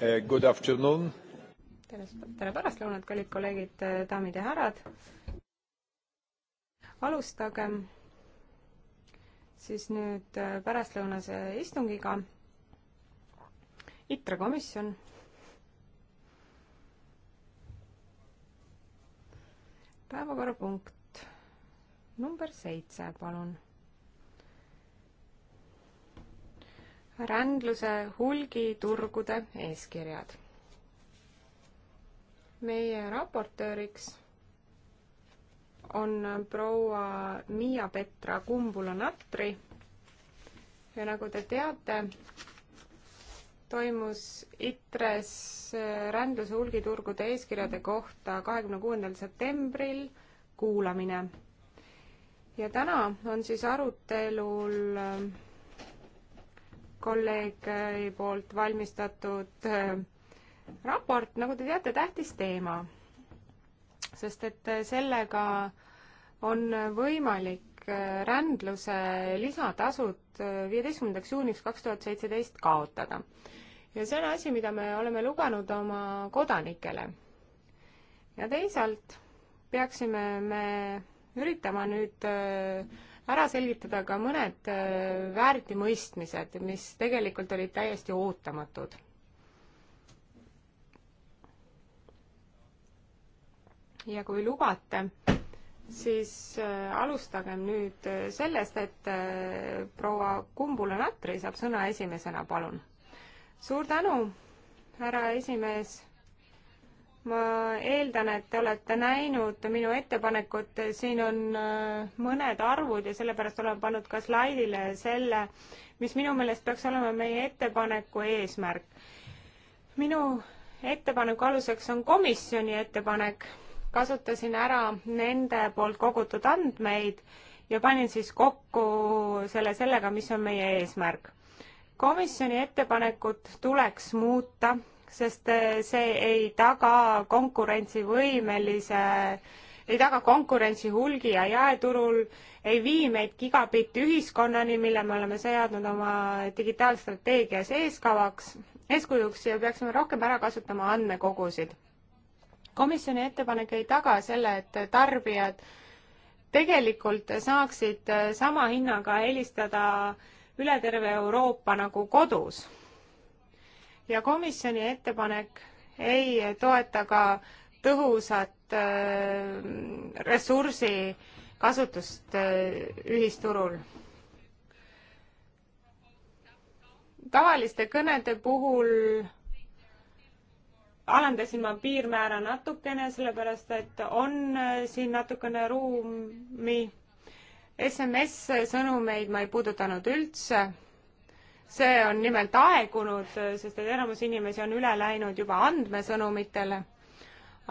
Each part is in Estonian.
Eh, good afternoon. tere, tere pärastlõunat, kallid kolleegid, eh, daamid ja härrad. alustagem siis nüüd eh, pärastlõunase istungiga. ITRE komisjon päevakorrapunkt number seitse, palun rändluse hulgiturgude eeskirjad. meie raportööriks on proua Miia Petra Kumbula-Natri ja nagu te teate, toimus ITRES rändluse hulgiturgude eeskirjade kohta kahekümne kuuendal septembril kuulamine. ja täna on siis arutelul kolleegi poolt valmistatud äh, raport, nagu te teate, tähtis teema, sest et äh, sellega on võimalik äh, rändluse lisatasud viieteistkümnendaks juuniks kaks tuhat seitseteist kaotada. ja see on asi, mida me oleme lubanud oma kodanikele. ja teisalt peaksime me üritama nüüd äh, ära selgitada ka mõned äh, väärtimõistmised, mis tegelikult olid täiesti ootamatud. ja kui lubate, siis äh, alustagem nüüd äh, sellest, et proua Kumbula Natri saab sõna esimesena, palun. suur tänu, härra esimees ma eeldan, et te olete näinud minu ettepanekut, siin on äh, mõned arvud ja sellepärast olen pannud ka slaidile selle, mis minu meelest peaks olema meie ettepaneku eesmärk. minu ettepaneku aluseks on komisjoni ettepanek, kasutasin ära nende poolt kogutud andmeid ja panin siis kokku selle sellega, mis on meie eesmärk. komisjoni ettepanekut tuleks muuta sest eh, see ei taga konkurentsivõimelise, ei taga konkurentsi hulgi- ja jaeturul, ei vii meid gigabitti ühiskonnani, mille me oleme seadnud oma digitaalstrateegias eeskavaks, eeskujuks ja peaksime rohkem ära kasutama andmekogusid. komisjoni ettepanek ei taga selle, et tarbijad tegelikult saaksid eh, sama hinnaga helistada üle terve Euroopa nagu kodus ja komisjoni ettepanek ei toeta ka tõhusat äh, ressursi kasutust äh, ühisturul. tavaliste kõnede puhul alandasin ma piirmäära natukene, sellepärast et on äh, siin natukene ruumi. SMS-sõnumeid ma ei puudutanud üldse see on nimelt aegunud, sest et enamus inimesi on üle läinud juba andmesõnumitele.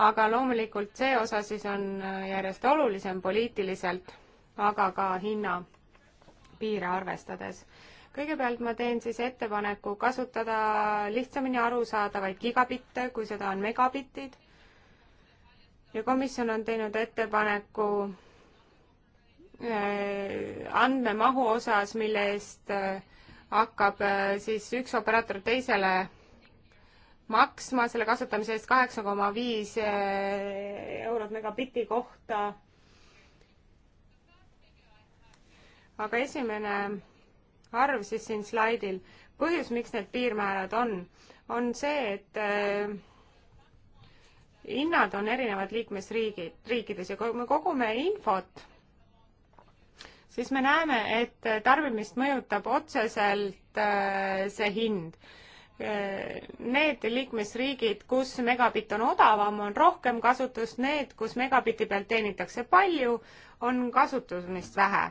aga loomulikult see osa siis on järjest olulisem poliitiliselt, aga ka hinnapiire arvestades. kõigepealt ma teen siis ettepaneku kasutada lihtsamini arusaadavaid gigabitte, kui seda on megabittid. ja komisjon on teinud ettepaneku äh, andmemahu osas, mille eest äh, hakkab äh, siis üks operaator teisele maksma selle kasutamise eest kaheksa koma viis äh, eurot megabitti kohta. aga esimene arv siis siin slaidil. põhjus, miks need piirmäärad on, on see, et äh, hinnad on erinevad liikmesriigid, riikides ja kui me kogume infot siis me näeme, et tarbimist mõjutab otseselt äh, see hind. Äh, need liikmesriigid, kus megabitt on odavam, on rohkem kasutust, need, kus megabitti pealt teenitakse palju, on kasutamist vähe.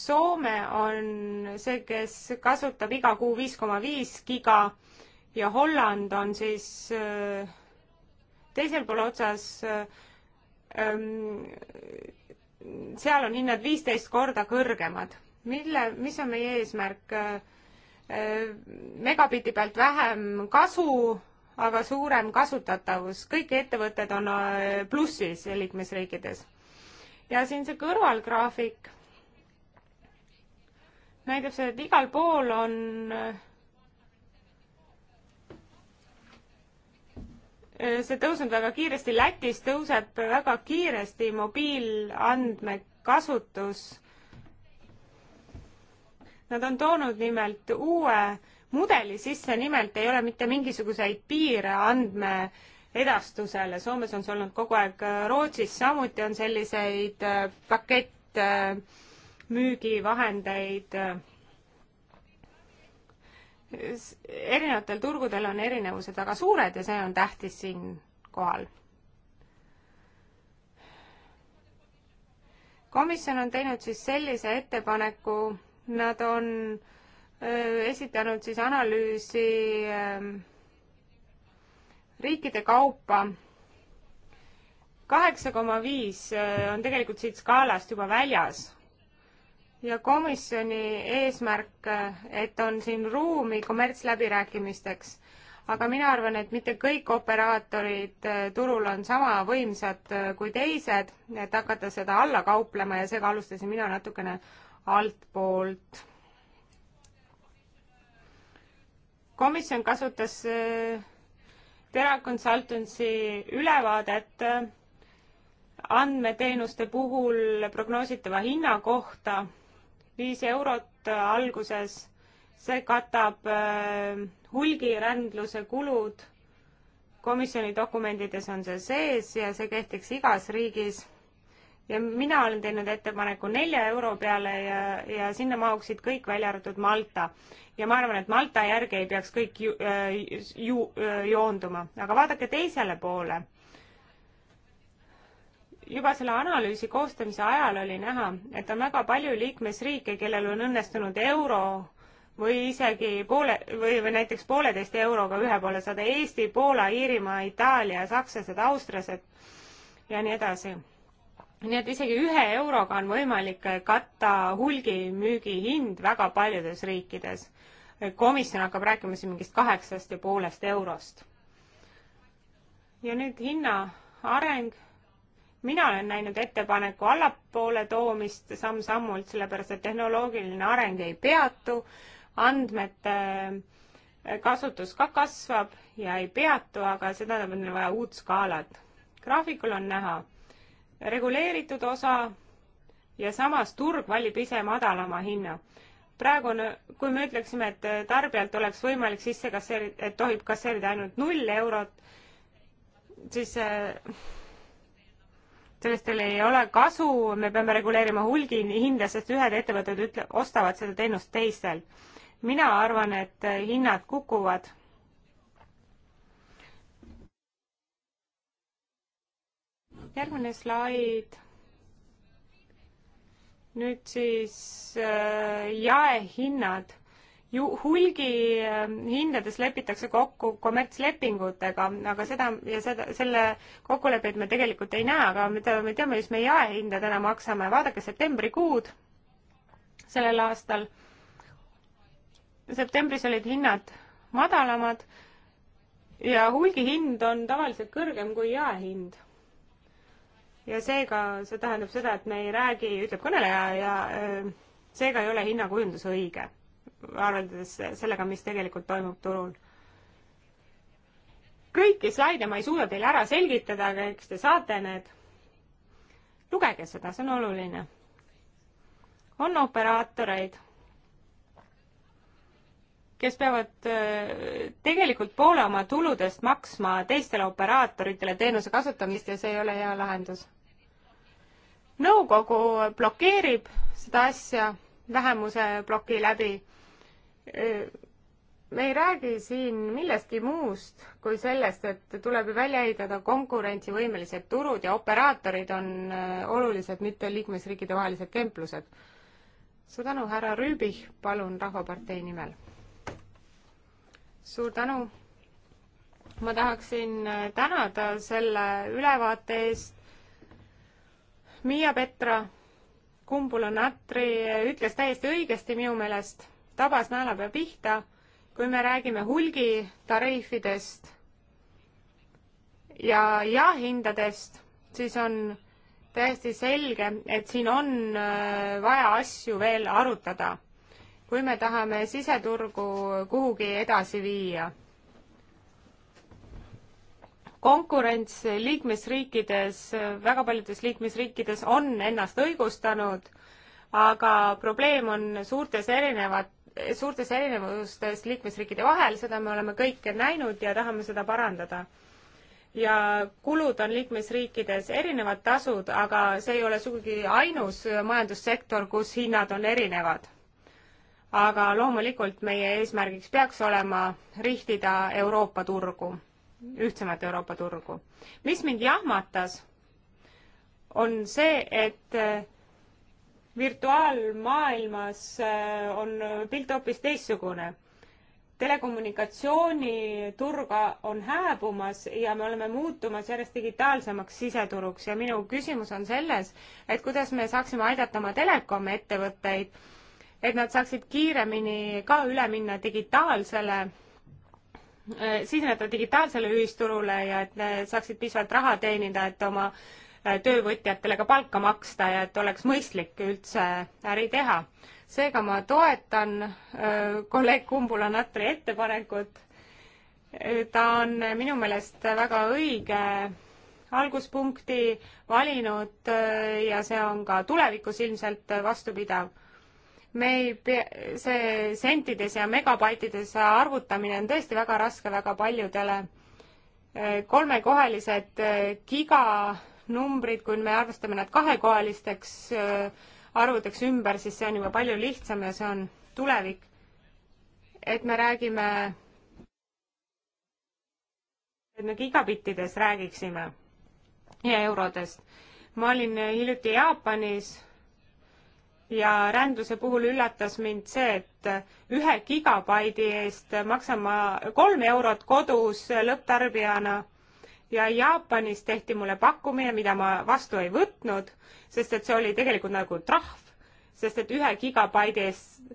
Soome on see, kes kasutab iga kuu viis koma viis giga ja Holland on siis äh, teisel pool otsas ähm, seal on hinnad viisteist korda kõrgemad. mille, mis on meie eesmärk? Äh, megabitti pealt vähem kasu, aga suurem kasutatavus. kõik ettevõtted on äh, plussis liikmesriikides. ja siin see kõrvalgraafik näitab seda, et igal pool on äh, Äh, see tõusnud väga kiiresti, Lätis tõuseb väga kiiresti mobiilandmekasutus. Nad on toonud nimelt uue mudeli sisse, nimelt ei ole mitte mingisuguseid piire andmeedastusele, Soomes on see olnud kogu aeg, äh, Rootsis samuti on selliseid pakettmüügivahendeid äh, äh erinevatel turgudel on erinevused väga suured ja see on tähtis siinkohal. komisjon on teinud siis sellise ettepaneku, nad on öö, esitanud siis analüüsi öö, riikide kaupa kaheksa koma viis on tegelikult siit skaalast juba väljas ja komisjoni eesmärk, et on siin ruumi kommertsläbirääkimisteks. aga mina arvan, et mitte kõik operaatorid äh, turul on sama võimsad äh, kui teised, et hakata seda alla kauplema ja seega alustasin mina natukene altpoolt. komisjon kasutas äh, Tera Consultancy ülevaadet andmeteenuste puhul prognoositava hinna kohta viis eurot äh, alguses, see katab äh, hulgirändluse kulud, komisjoni dokumendides on see sees ja see kehtiks igas riigis. ja mina olen teinud ettepaneku nelja euro peale ja, ja sinna mahuksid kõik, välja arvatud Malta. ja ma arvan, et Malta järgi ei peaks kõik ju, äh, ju, ju, joonduma, aga vaadake teisele poole juba selle analüüsi koostamise ajal oli näha, et on väga palju liikmesriike, kellel on õnnestunud euro või isegi poole või, või näiteks pooleteist euroga ühe poole saada Eesti, Poola, Iirimaa, Itaalia, sakslased, austrlased ja nii edasi. nii et isegi ühe euroga on võimalik katta hulgimüügi hind väga paljudes riikides. komisjon hakkab rääkima siin mingist kaheksast ja poolest eurost. ja nüüd hinna areng mina olen näinud ettepaneku allapoole toomist samm-sammult, sellepärast et tehnoloogiline areng ei peatu, andmete äh, kasutus ka kasvab ja ei peatu, aga see tähendab, et meil on vaja uut skaalat. graafikul on näha reguleeritud osa ja samas turg valib ise madalama hinna praegu on, kui me ütleksime, et tarbijalt oleks võimalik sisse kasseerida, et tohib kasseerida ainult null eurot, siis äh, sellest teil ei ole kasu, me peame reguleerima hulgihinda, sest ühed ettevõtted ütle-, ostavad seda teenust teistel. mina arvan, et hinnad kukuvad järgmine slaid. nüüd siis äh, jaehinnad ju hulgihindades äh, lepitakse kokku kommertslepingutega, aga seda ja seda, selle kokkuleppeid me tegelikult ei näe, aga mida me teame, mis me jaehinda täna maksame, vaadake septembrikuud sellel aastal. septembris olid hinnad madalamad ja hulgihind on tavaliselt kõrgem kui jaehind ja seega see tähendab seda, et me ei räägi, ütleb kõneleja ja, ja äh, seega ei ole hinnakujundus õige arvestades sellega, mis tegelikult toimub turul. kõiki slaide ma ei suuda teile ära selgitada, aga eks te saate need. lugege seda, see on oluline. on operaatoreid, kes peavad äh, tegelikult poole oma tuludest maksma teistele operaatoritele teenuse kasutamist ja see ei ole hea lahendus. nõukogu blokeerib seda asja vähemuse ploki läbi me ei räägi siin millestki muust kui sellest, et tuleb ju välja ehitada konkurentsivõimelised turud ja operaatorid on äh, olulised, mitte liikmesriikide vahelised kemplused. suur tänu, härra Rüübih, palun Rahvapartei nimel. suur tänu. ma tahaksin äh, tänada selle ülevaate eest. Miia Petra Kumbula-Natri äh, ütles täiesti õigesti minu meelest tabas naelapea pihta, kui me räägime hulgitariifidest ja jahindadest, siis on täiesti selge, et siin on äh, vaja asju veel arutada, kui me tahame siseturgu kuhugi edasi viia. konkurents liikmesriikides, väga paljudes liikmesriikides on ennast õigustanud, aga probleem on suurtes erinevat suurtes erinevustes liikmesriikide vahel, seda me oleme kõik näinud ja tahame seda parandada. ja kulud on liikmesriikides erinevad tasud, aga see ei ole sugugi ainus majandussektor, kus hinnad on erinevad. aga loomulikult meie eesmärgiks peaks olema rihtida Euroopa turgu, ühtsemat Euroopa turgu. mis mind jahmatas, on see, et virtuaalmaailmas äh, on pilt hoopis teistsugune. telekommunikatsiooniturg on hääbumas ja me oleme muutumas järjest digitaalsemaks siseturuks ja minu küsimus on selles, et kuidas me saaksime aidata oma telekomi ettevõtteid, et nad saaksid kiiremini ka üle minna digitaalsele äh, siseneda digitaalsele ühisturule ja et äh, saaksid piisavalt raha teenida, et oma äh, Äh, töövõtjatele ka palka maksta ja et oleks mõistlik üldse äri teha. seega ma toetan äh, kolleeg Kumbula Natri ettepanekut. ta on minu meelest väga õige alguspunkti valinud äh, ja see on ka tulevikus ilmselt vastupidav me ei pea, see sentides ja megabaitides arvutamine on tõesti väga raske väga paljudele. kolmekohelised giga numbrid, kui me arvestame nad kahekohalisteks äh, arvudeks ümber, siis see on juba palju lihtsam ja see on tulevik. et me räägime, et me gigabittides räägiksime ja eurodest. ma olin hiljuti Jaapanis ja rändluse puhul üllatas mind see, et ühe gigabaidi eest maksan ma kolm eurot kodus lõpptarbijana ja Jaapanis tehti mulle pakkumine, mida ma vastu ei võtnud, sest et see oli tegelikult nagu trahv, sest et ühe gigabaidi eest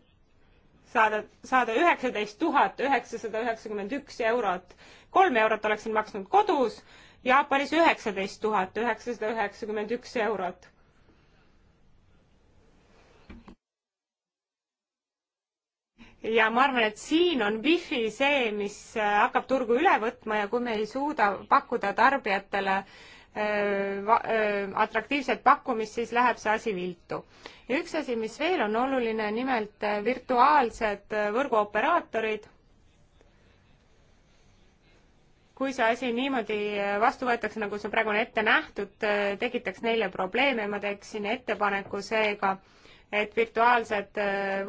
saada, saada üheksateist tuhat üheksasada üheksakümmend üks eurot. kolm eurot oleksin maksnud kodus, Jaapanis üheksateist tuhat üheksasada üheksakümmend üks eurot. ja ma arvan, et siin on wifi see, mis äh, hakkab turgu üle võtma ja kui me ei suuda pakkuda tarbijatele äh, äh, atraktiivset pakkumist, siis läheb see asi viltu. ja üks asi, mis veel on oluline, nimelt virtuaalsed võrguoperaatorid. kui see asi niimoodi vastu võetakse, nagu see praegu on ette nähtud, tekitaks neile probleeme, ma teeksin ettepaneku seega, et virtuaalsed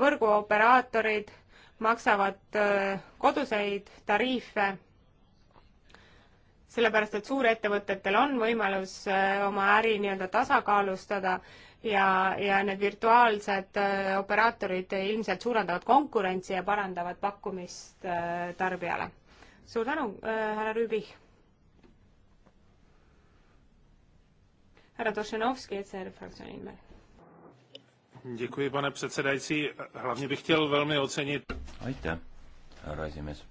võrguoperaatorid maksavad äh, koduseid tariife, sellepärast et suurettevõtetel on võimalus äh, oma äri nii-öelda tasakaalustada ja, ja need virtuaalsed äh, operaatorid ilmselt suurendavad konkurentsi ja parandavad pakkumist tarbijale. suur tänu, härra Rüübi. härra Tošenovski, ECR fraktsiooni nimel. Děkuji, pane předsedající. Hlavně bych chtěl velmi ocenit... Aitäh, härra esimees.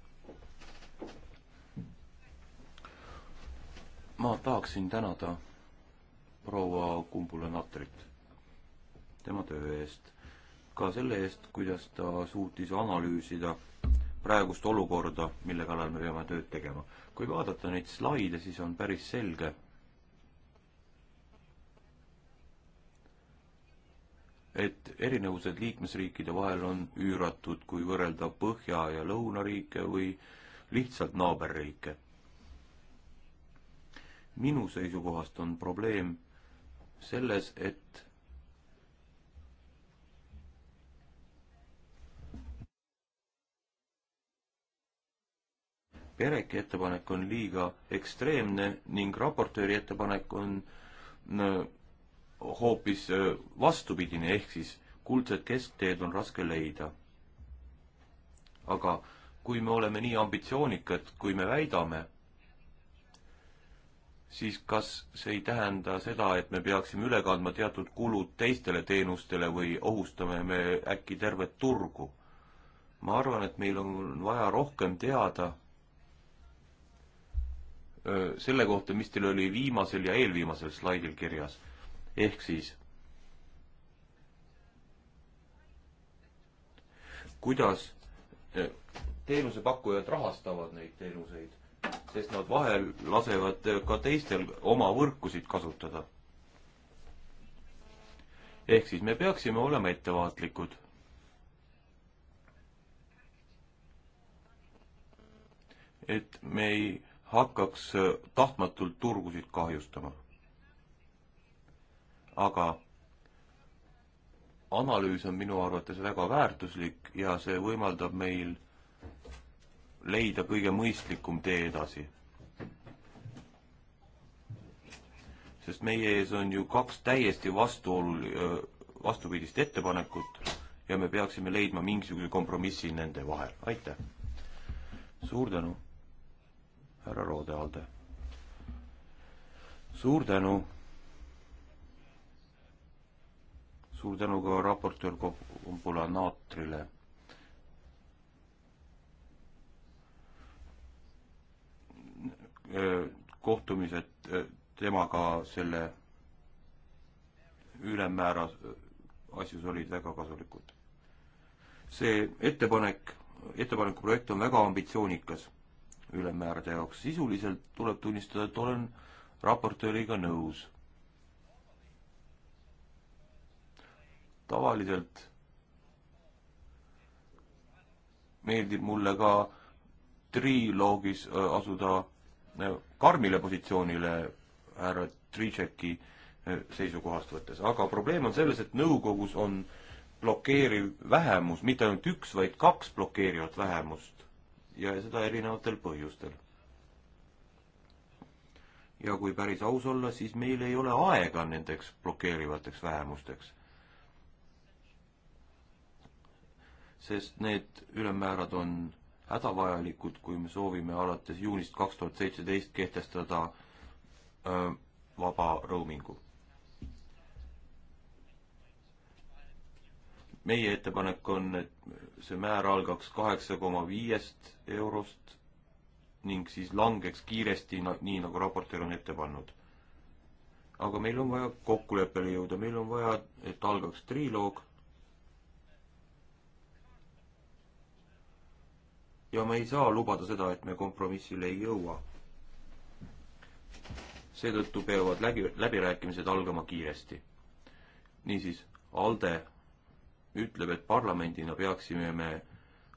ma tahaksin tänada proua Kumbula-Natrit tema töö eest, ka selle eest, kuidas ta suutis analüüsida praegust olukorda, mille kallal me peame tööd tegema. kui vaadata neid slaide, siis on päris selge, et erinevused liikmesriikide vahel on üüratud, kui võrrelda Põhja- ja Lõunariike või lihtsalt naaberriike. minu seisukohast on probleem selles, et Pereki ettepanek on liiga ekstreemne ning raportööri ettepanek on hoopis äh, vastupidine, ehk siis kuldset keskteed on raske leida. aga kui me oleme nii ambitsioonikad, kui me väidame, siis kas see ei tähenda seda, et me peaksime üle kandma teatud kulud teistele teenustele või ohustame me äkki tervet turgu? ma arvan, et meil on vaja rohkem teada äh, selle kohta, mis teil oli viimasel ja eelviimasel slaidil kirjas ehk siis kuidas eh, teenusepakkujad rahastavad neid teenuseid, sest nad vahel lasevad eh, ka teistel oma võrkusid kasutada. ehk siis me peaksime olema ettevaatlikud. et me ei hakkaks eh, tahtmatult turgusid kahjustama aga analüüs on minu arvates väga väärtuslik ja see võimaldab meil leida kõige mõistlikum tee edasi. sest meie ees on ju kaks täiesti vastuolul-, vastupidist ettepanekut ja me peaksime leidma mingisuguse kompromissi nende vahel, aitäh. suur tänu, härra Roode Alde. suur tänu suur tänu ka raportöör Kumbula Naatrile. Äh, kohtumised äh, temaga selle ülemmäära äh, asjus olid väga kasulikud. see ettepanek, ettepaneku projekt on väga ambitsioonikas ülemmäärade jaoks. sisuliselt tuleb tunnistada, et olen raportööriga nõus tavaliselt meeldib mulle ka triloogis äh, asuda äh, karmile positsioonile härra Tricheki äh, seisukohast võttes, aga probleem on selles, et nõukogus on blokeeriv vähemus, mitte ainult üks, vaid kaks blokeerivat vähemust ja seda erinevatel põhjustel. ja kui päris aus olla, siis meil ei ole aega nendeks blokeerivateks vähemusteks. sest need ülemmäärad on hädavajalikud, kui me soovime alates juunist kaks tuhat seitseteist kehtestada öö, vaba roamingu. meie ettepanek on, et see määr algaks kaheksa koma viiest eurost ning siis langeks kiiresti, nii nagu raportöör on ette pannud. aga meil on vaja kokkuleppele jõuda, meil on vaja, et algaks triloog ja me ei saa lubada seda, et me kompromissile ei jõua. seetõttu peavad läbi, läbirääkimised algama kiiresti. niisiis, ALDE ütleb, et parlamendina peaksime me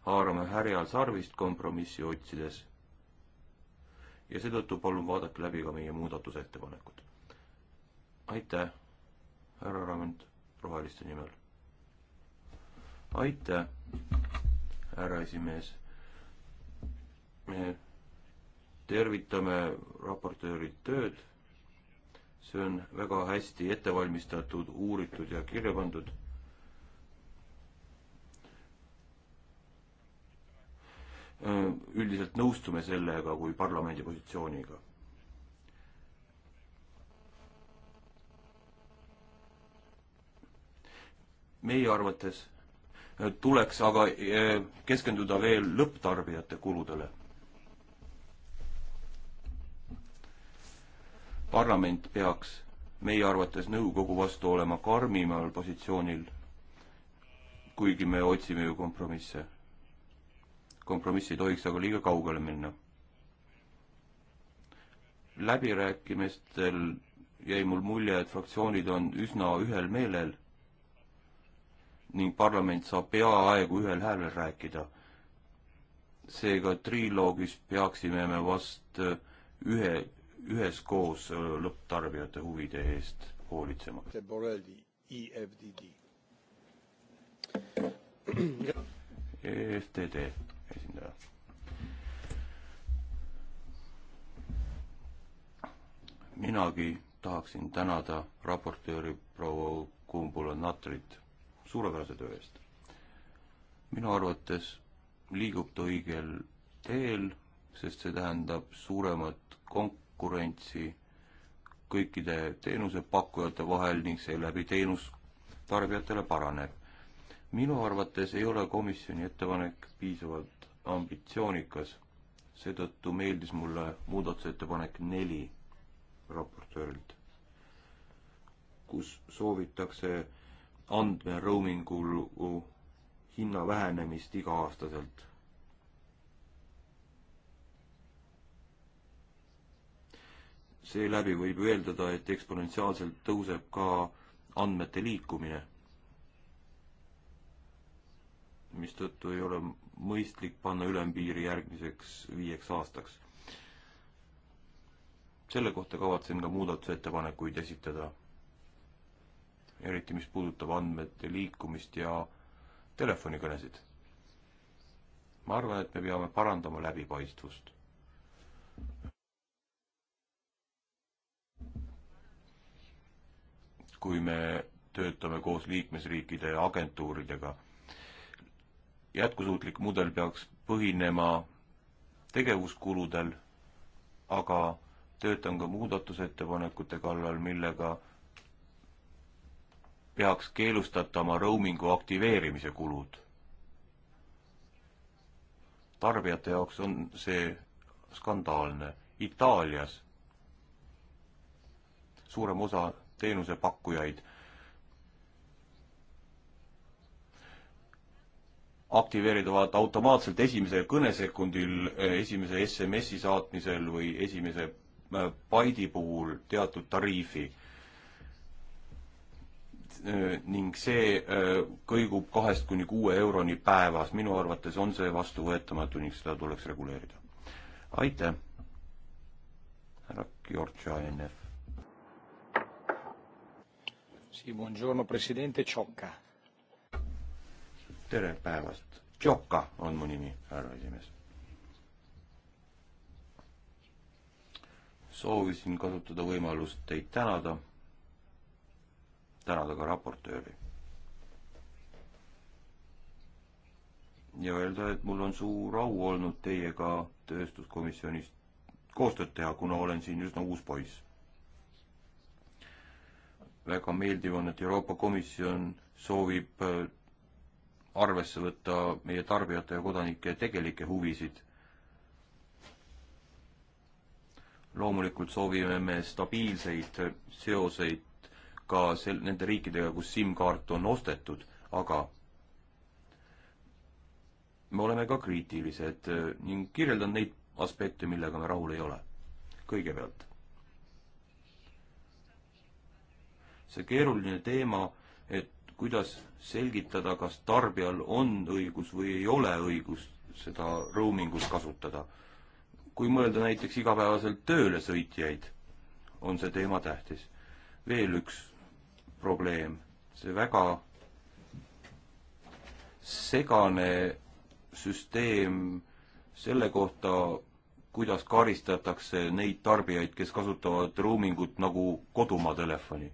haarama härjal sarvist kompromissi otsides. ja seetõttu palun vaadake läbi ka meie muudatusettepanekud. aitäh, härra Raimond Roheliste nimel. aitäh, härra esimees me tervitame raportööri tööd. see on väga hästi ette valmistatud, uuritud ja kirja pandud. Äh, üldiselt nõustume sellega kui parlamendi positsiooniga meie arvates äh, tuleks aga äh, keskenduda veel lõpptarbijate kuludele parlament peaks meie arvates nõukogu vastu olema karmimal positsioonil, kuigi me otsime ju kompromisse. kompromiss ei tohiks aga liiga kaugele minna. läbirääkimistel jäi mul mulje, et fraktsioonid on üsna ühel meelel ning parlament saab peaaegu ühel häälel rääkida. seega triloogis peaksime me vast ühe üheskoos äh, lõpptarbijate huvide eest hoolitsema. EFTD e esindaja. minagi tahaksin tänada raportööri proua Kumbula Natrit suurepärase töö eest. minu arvates liigub ta õigel teel, sest see tähendab suuremat konk-, konkurentsi kõikide teenusepakkujate vahel ning seeläbi teenus tarbijatele paraneb. minu arvates ei ole komisjoni ettepanek piisavalt ambitsioonikas, seetõttu meeldis mulle muudatusettepanek neli raportöörilt, kus soovitakse andmeroamingul hinna vähenemist iga-aastaselt seeläbi võib ju eeldada, et eksponentsiaalselt tõuseb ka andmete liikumine, mistõttu ei ole mõistlik panna ülempiiri järgmiseks viieks aastaks. selle kohta kavatsen ka muudatusettepanekuid esitada, eriti mis puudutab andmete liikumist ja telefonikõnesid. ma arvan, et me peame parandama läbipaistvust kui me töötame koos liikmesriikide agentuuridega. jätkusuutlik mudel peaks põhinema tegevuskuludel, aga töötan ka muudatusettepanekute kallal, millega peaks keelustatama roamingu aktiveerimise kulud. tarbijate jaoks on see skandaalne. Itaalias suurem osa teenusepakkujaid. aktiveerivad automaatselt esimesel kõnesekundil, eh, esimese SMS-i saatmisel või esimese eh, Paidi puhul teatud tariifi eh, ning see kõigub kahest kuni kuue euroni päevas. minu arvates on see vastuvõetamatu ning seda tuleks reguleerida. aitäh, härra Georgia NF buongiorno, president Tšoka. tere päevast, Tšoka on mu nimi, härra esimees. soovisin kasutada võimalust teid tänada, tänada ka raportööri. ja öelda, et mul on suur au olnud teiega tööstuskomisjonis koostööd teha, kuna olen siin üsna uus poiss väga meeldiv on, et Euroopa Komisjon soovib äh, arvesse võtta meie tarbijate ja kodanike tegelikke huvisid. loomulikult soovime me stabiilseid seoseid ka sel-, nende riikidega, kus SIM-kaart on ostetud, aga me oleme ka kriitilised äh, ning kirjeldan neid aspekte, millega me rahul ei ole. kõigepealt see keeruline teema, et kuidas selgitada, kas tarbijal on õigus või ei ole õigust seda roaming ut kasutada. kui mõelda näiteks igapäevaselt tööle sõitjaid, on see teema tähtis. veel üks probleem, see väga segane süsteem selle kohta, kuidas karistatakse neid tarbijaid, kes kasutavad roaming ut nagu kodumaa telefoni.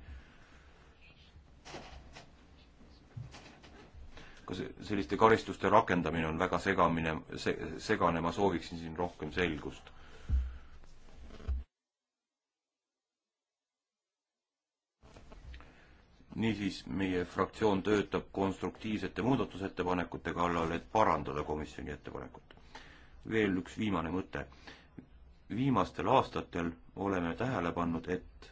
ka selliste karistuste rakendamine on väga segamine, segane, ma sooviksin siin rohkem selgust. niisiis, meie fraktsioon töötab konstruktiivsete muudatusettepanekute kallal, et parandada komisjoni ettepanekut. veel üks viimane mõte. viimastel aastatel oleme tähele pannud, et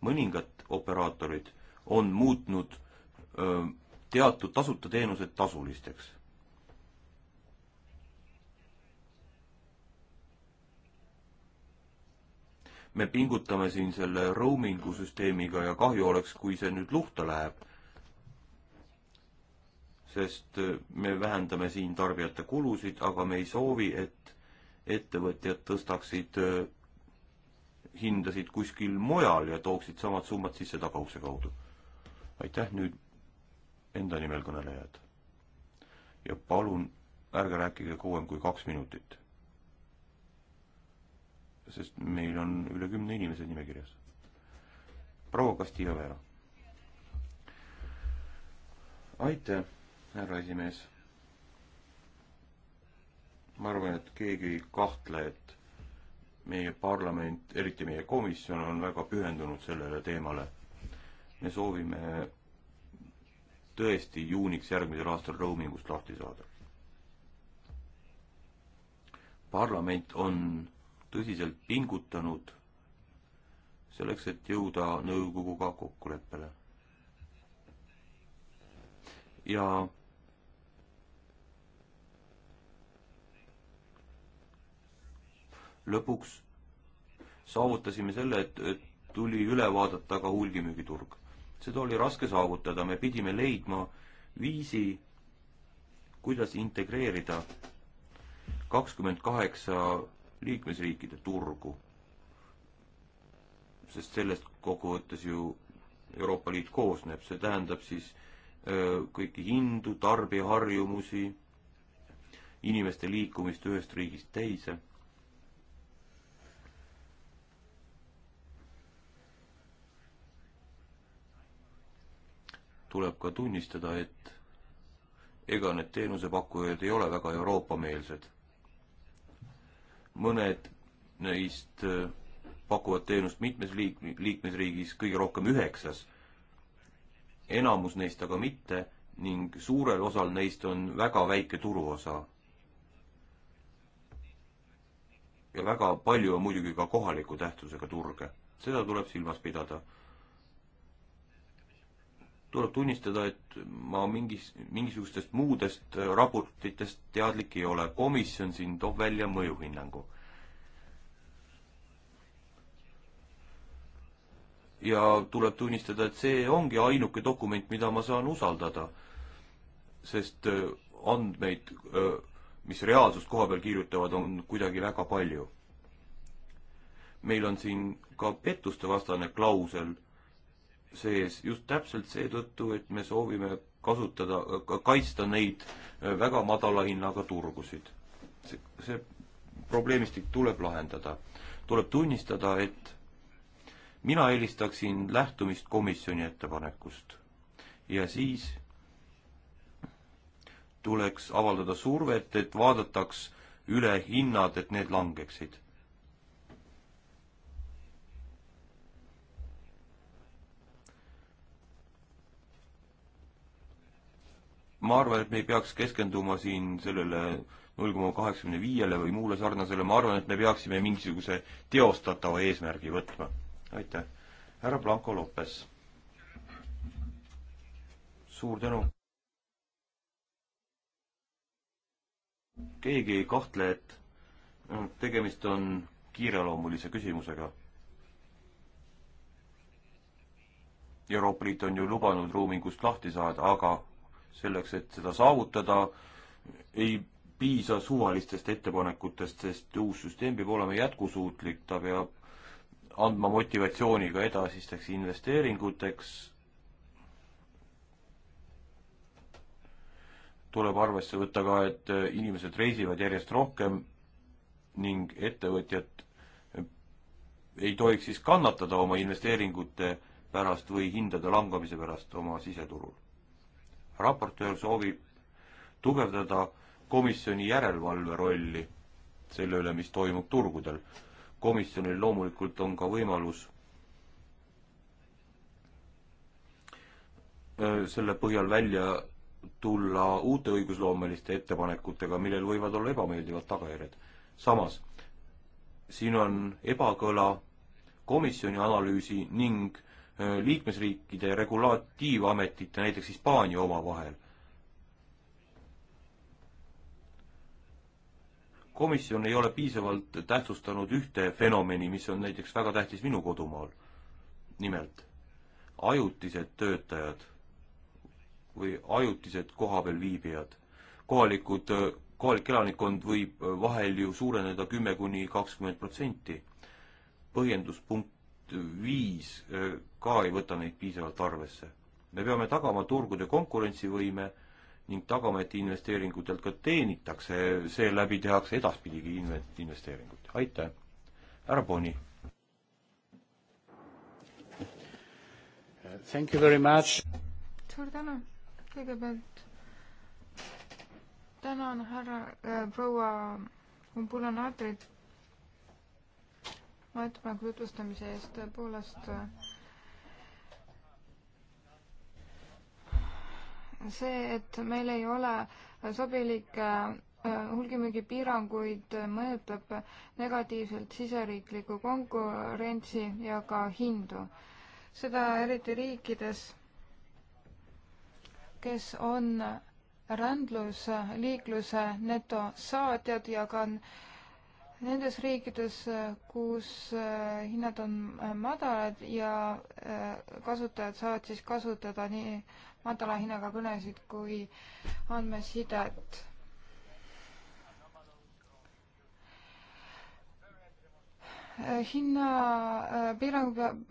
mõningad operaatorid on muutnud öö, teatud tasuta teenused tasulisteks. me pingutame siin selle roamingu süsteemiga ja kahju oleks, kui see nüüd luhta läheb. sest me vähendame siin tarbijate kulusid, aga me ei soovi, et ettevõtjad tõstaksid hindasid kuskil mujal ja tooksid samad summad sisse tagaukse kaudu aitäh nüüd enda nimel kõnelejad. ja palun ärge rääkige kauem kui kaks minutit. sest meil on üle kümne inimese nimekirjas. proua Castillo Vera. aitäh, härra esimees. ma arvan, et keegi ei kahtle, et meie parlament, eriti meie komisjon on väga pühendunud sellele teemale me soovime tõesti juuniks järgmisel aastal roamingust lahti saada. parlament on tõsiselt pingutanud selleks, et jõuda nõukoguga kokkuleppele. ja lõpuks saavutasime selle, et tuli üle vaadata ka hulgimüügiturg seda oli raske saavutada, me pidime leidma viisi, kuidas integreerida kakskümmend kaheksa liikmesriikide turgu. sest sellest kokkuvõttes ju Euroopa Liit koosneb, see tähendab siis öö, kõiki hindu, tarbijaharjumusi, inimeste liikumist ühest riigist teise tuleb ka tunnistada, et ega need teenusepakkujad ei ole väga Euroopa-meelsed. mõned neist äh, pakuvad teenust mitmes liik-, liikmesriigis, kõige rohkem üheksas, enamus neist aga mitte ning suurel osal neist on väga väike turuosa. ja väga palju on muidugi ka kohaliku tähtsusega turge, seda tuleb silmas pidada tuleb tunnistada, et ma mingis, mingisugustest muudest raportitest teadlik ei ole. komisjon siin toob välja mõjuhinnangu. ja tuleb tunnistada, et see ongi ainuke dokument, mida ma saan usaldada. sest äh, andmeid, äh, mis reaalsust koha peal kirjutavad, on kuidagi väga palju. meil on siin ka pettuste vastane klausel sees just täpselt seetõttu, et me soovime kasutada, kaitsta neid äh, väga madala hinnaga turgusid. see, see probleemistik tuleb lahendada. tuleb tunnistada, et mina eelistaksin lähtumist komisjoni ettepanekust ja siis tuleks avaldada survet, et vaadataks üle hinnad, et need langeksid. ma arvan, et me ei peaks keskenduma siin sellele null koma kaheksakümne viiele või muule sarnasele, ma arvan, et me peaksime mingisuguse teostatava eesmärgi võtma. aitäh. härra Blanco Lopes. suur tänu. keegi ei kahtle, et tegemist on kiireloomulise küsimusega. Euroopa Liit on ju lubanud ruumingust lahti saada, aga selleks, et seda saavutada, ei piisa suvalistest ettepanekutest, sest uus süsteem peab olema jätkusuutlik, ta peab andma motivatsiooni ka edasisteks investeeringuteks, tuleb arvesse võtta ka, et inimesed reisivad järjest rohkem ning ettevõtjad ei tohiks siis kannatada oma investeeringute pärast või hindade langemise pärast oma siseturul raportöör soovib tugevdada komisjoni järelevalve rolli selle üle, mis toimub turgudel. komisjonil loomulikult on ka võimalus äh, selle põhjal välja tulla uute õigusloomeliste ettepanekutega, millel võivad olla ebameeldivad tagajärjed. samas, siin on ebakõla komisjoni analüüsi ning Äh, liikmesriikide regulatiivametite, näiteks Hispaania oma vahel. komisjon ei ole piisavalt tähtsustanud ühte fenomeni, mis on näiteks väga tähtis minu kodumaal. nimelt ajutised töötajad või ajutised kohapeal viibijad. kohalikud, äh, kohalik elanikkond võib äh, vahel ju suureneda kümme kuni kakskümmend protsenti. põhjenduspunkt artiklit viis ka ei võta neid piisavalt arvesse. me peame tagama turgude konkurentsivõime ning tagama, et investeeringutelt ka teenitakse, seeläbi tehakse edaspidigi investeeringuid. aitäh, härra Boni. Thank you very much. suur tänu, kõigepealt tänan härra äh, proua Umbula Naatrit oma ettepaneku tutvustamise eest, tõepoolest see, et meil ei ole sobilikke äh, hulgimüügipiiranguid, mõjutab negatiivselt siseriiklikku konkurentsi ja ka hindu. seda eriti riikides, kes on rändlus, liikluse netosaatjad ja ka on äh, nendes riikides, kus äh, hinnad on äh, madalad ja äh, kasutajad saavad siis kasutada nii madala hinnaga kõnesid kui andmesidet. hinnapiirang peab,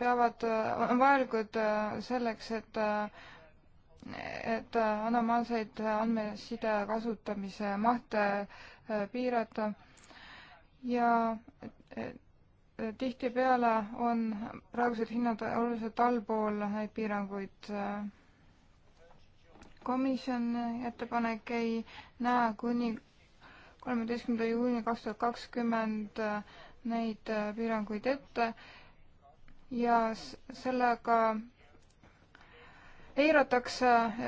peavad, on vajalikud selleks, et et anomaalseid andmeside kasutamise mahte äh, piirata ja tihtipeale on praegused hinnad oluliselt allpool neid piiranguid. komisjoni ettepanek ei näe kuni kolmeteistkümnenda juuni kaks tuhat kakskümmend äh, neid äh, piiranguid ette ja sellega eiratakse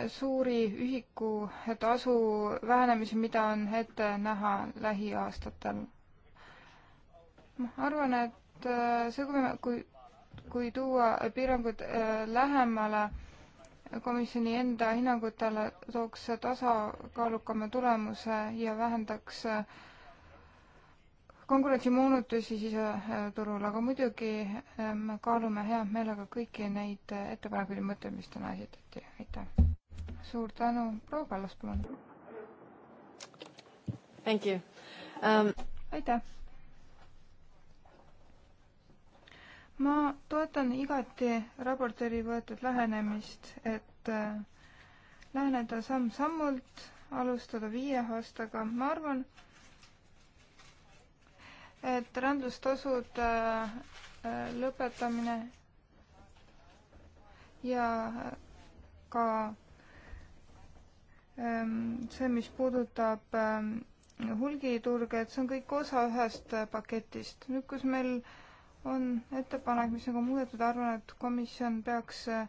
suuri ühikutasu vähenemisi, mida on ette näha lähiaastatel. ma arvan, et äh, see, kui me, kui, kui tuua piirangud äh, lähemale komisjoni enda hinnangutele, tooks tasakaalukama tulemuse ja vähendaks äh, konkurentsimoonutusi siseturul, aga muidugi me ähm, kaalume hea meelega kõiki neid ettepanekuid ja mõtteid, mis täna esitati. aitäh! suur tänu, proua Kallas, palun! Thank you um...! aitäh! ma toetan igati raportööri võetud lähenemist, et äh, läheneda samm-sammult, alustada viie aastaga, ma arvan, et rändlustasude äh, lõpetamine ja ka ähm, see, mis puudutab ähm, hulgiturge, et see on kõik osa ühest äh, paketist. nüüd, kus meil on ettepanek, mis on ka muudetud, arvan, et komisjon peaks äh,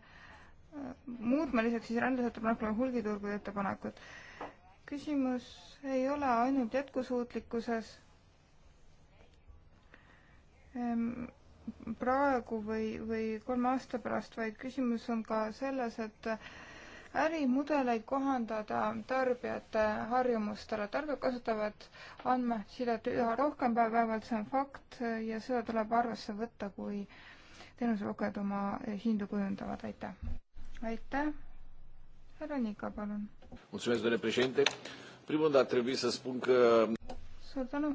muutma lisaks siis rändusettepanekule hulgiturgude ettepanekut. küsimus ei ole ainult jätkusuutlikkuses Ehm, praegu või, või kolme aasta pärast, vaid küsimus on ka selles, et ärimudeleid kohandada tarbijate harjumustele. tarbijad kasutavad andmesidet üha rohkem päev-päevalt, see on fakt ja seda tuleb arvesse võtta, kui teenusepakkujad oma hindu kujundavad. aitäh! aitäh! härra Nika, palun! suur tänu!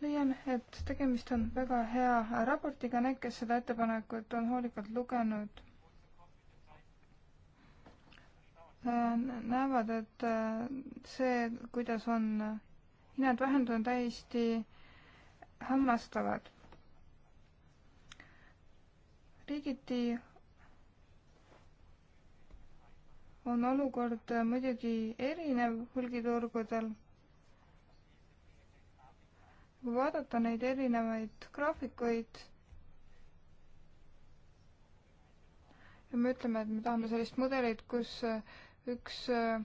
leian, et tegemist on väga hea raportiga, need, kes seda ettepanekut on hoolikalt lugenud, äh, näevad, et äh, see, kuidas on hinnad vähendatud, on täiesti hämmastavad. riigiti on olukord muidugi erinev hulgiturgudel kui vaadata neid erinevaid graafikuid ja me ütleme, et me tahame sellist mudelit, kus äh, üks äh,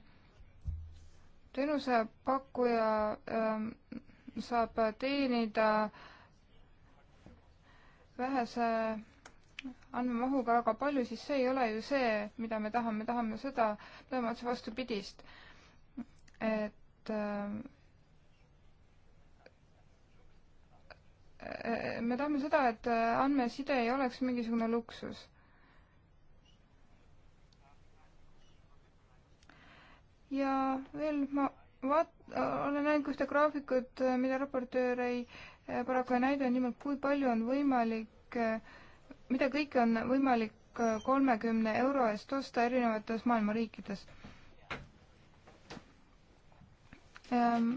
teenusepakkuja äh, saab teenida vähese andmemahuga väga palju, siis see ei ole ju see, mida me tahame, tahame seda, tahame otse vastupidist. et me tahame seda, et andmeside ei oleks mingisugune luksus. ja veel ma vaat-, olen näinud ka ühte graafikut, mida raportöör ei, paraku ei näidanud, nimelt kui palju on võimalik, mida kõike on võimalik kolmekümne euro eest osta erinevates maailma riikides ähm,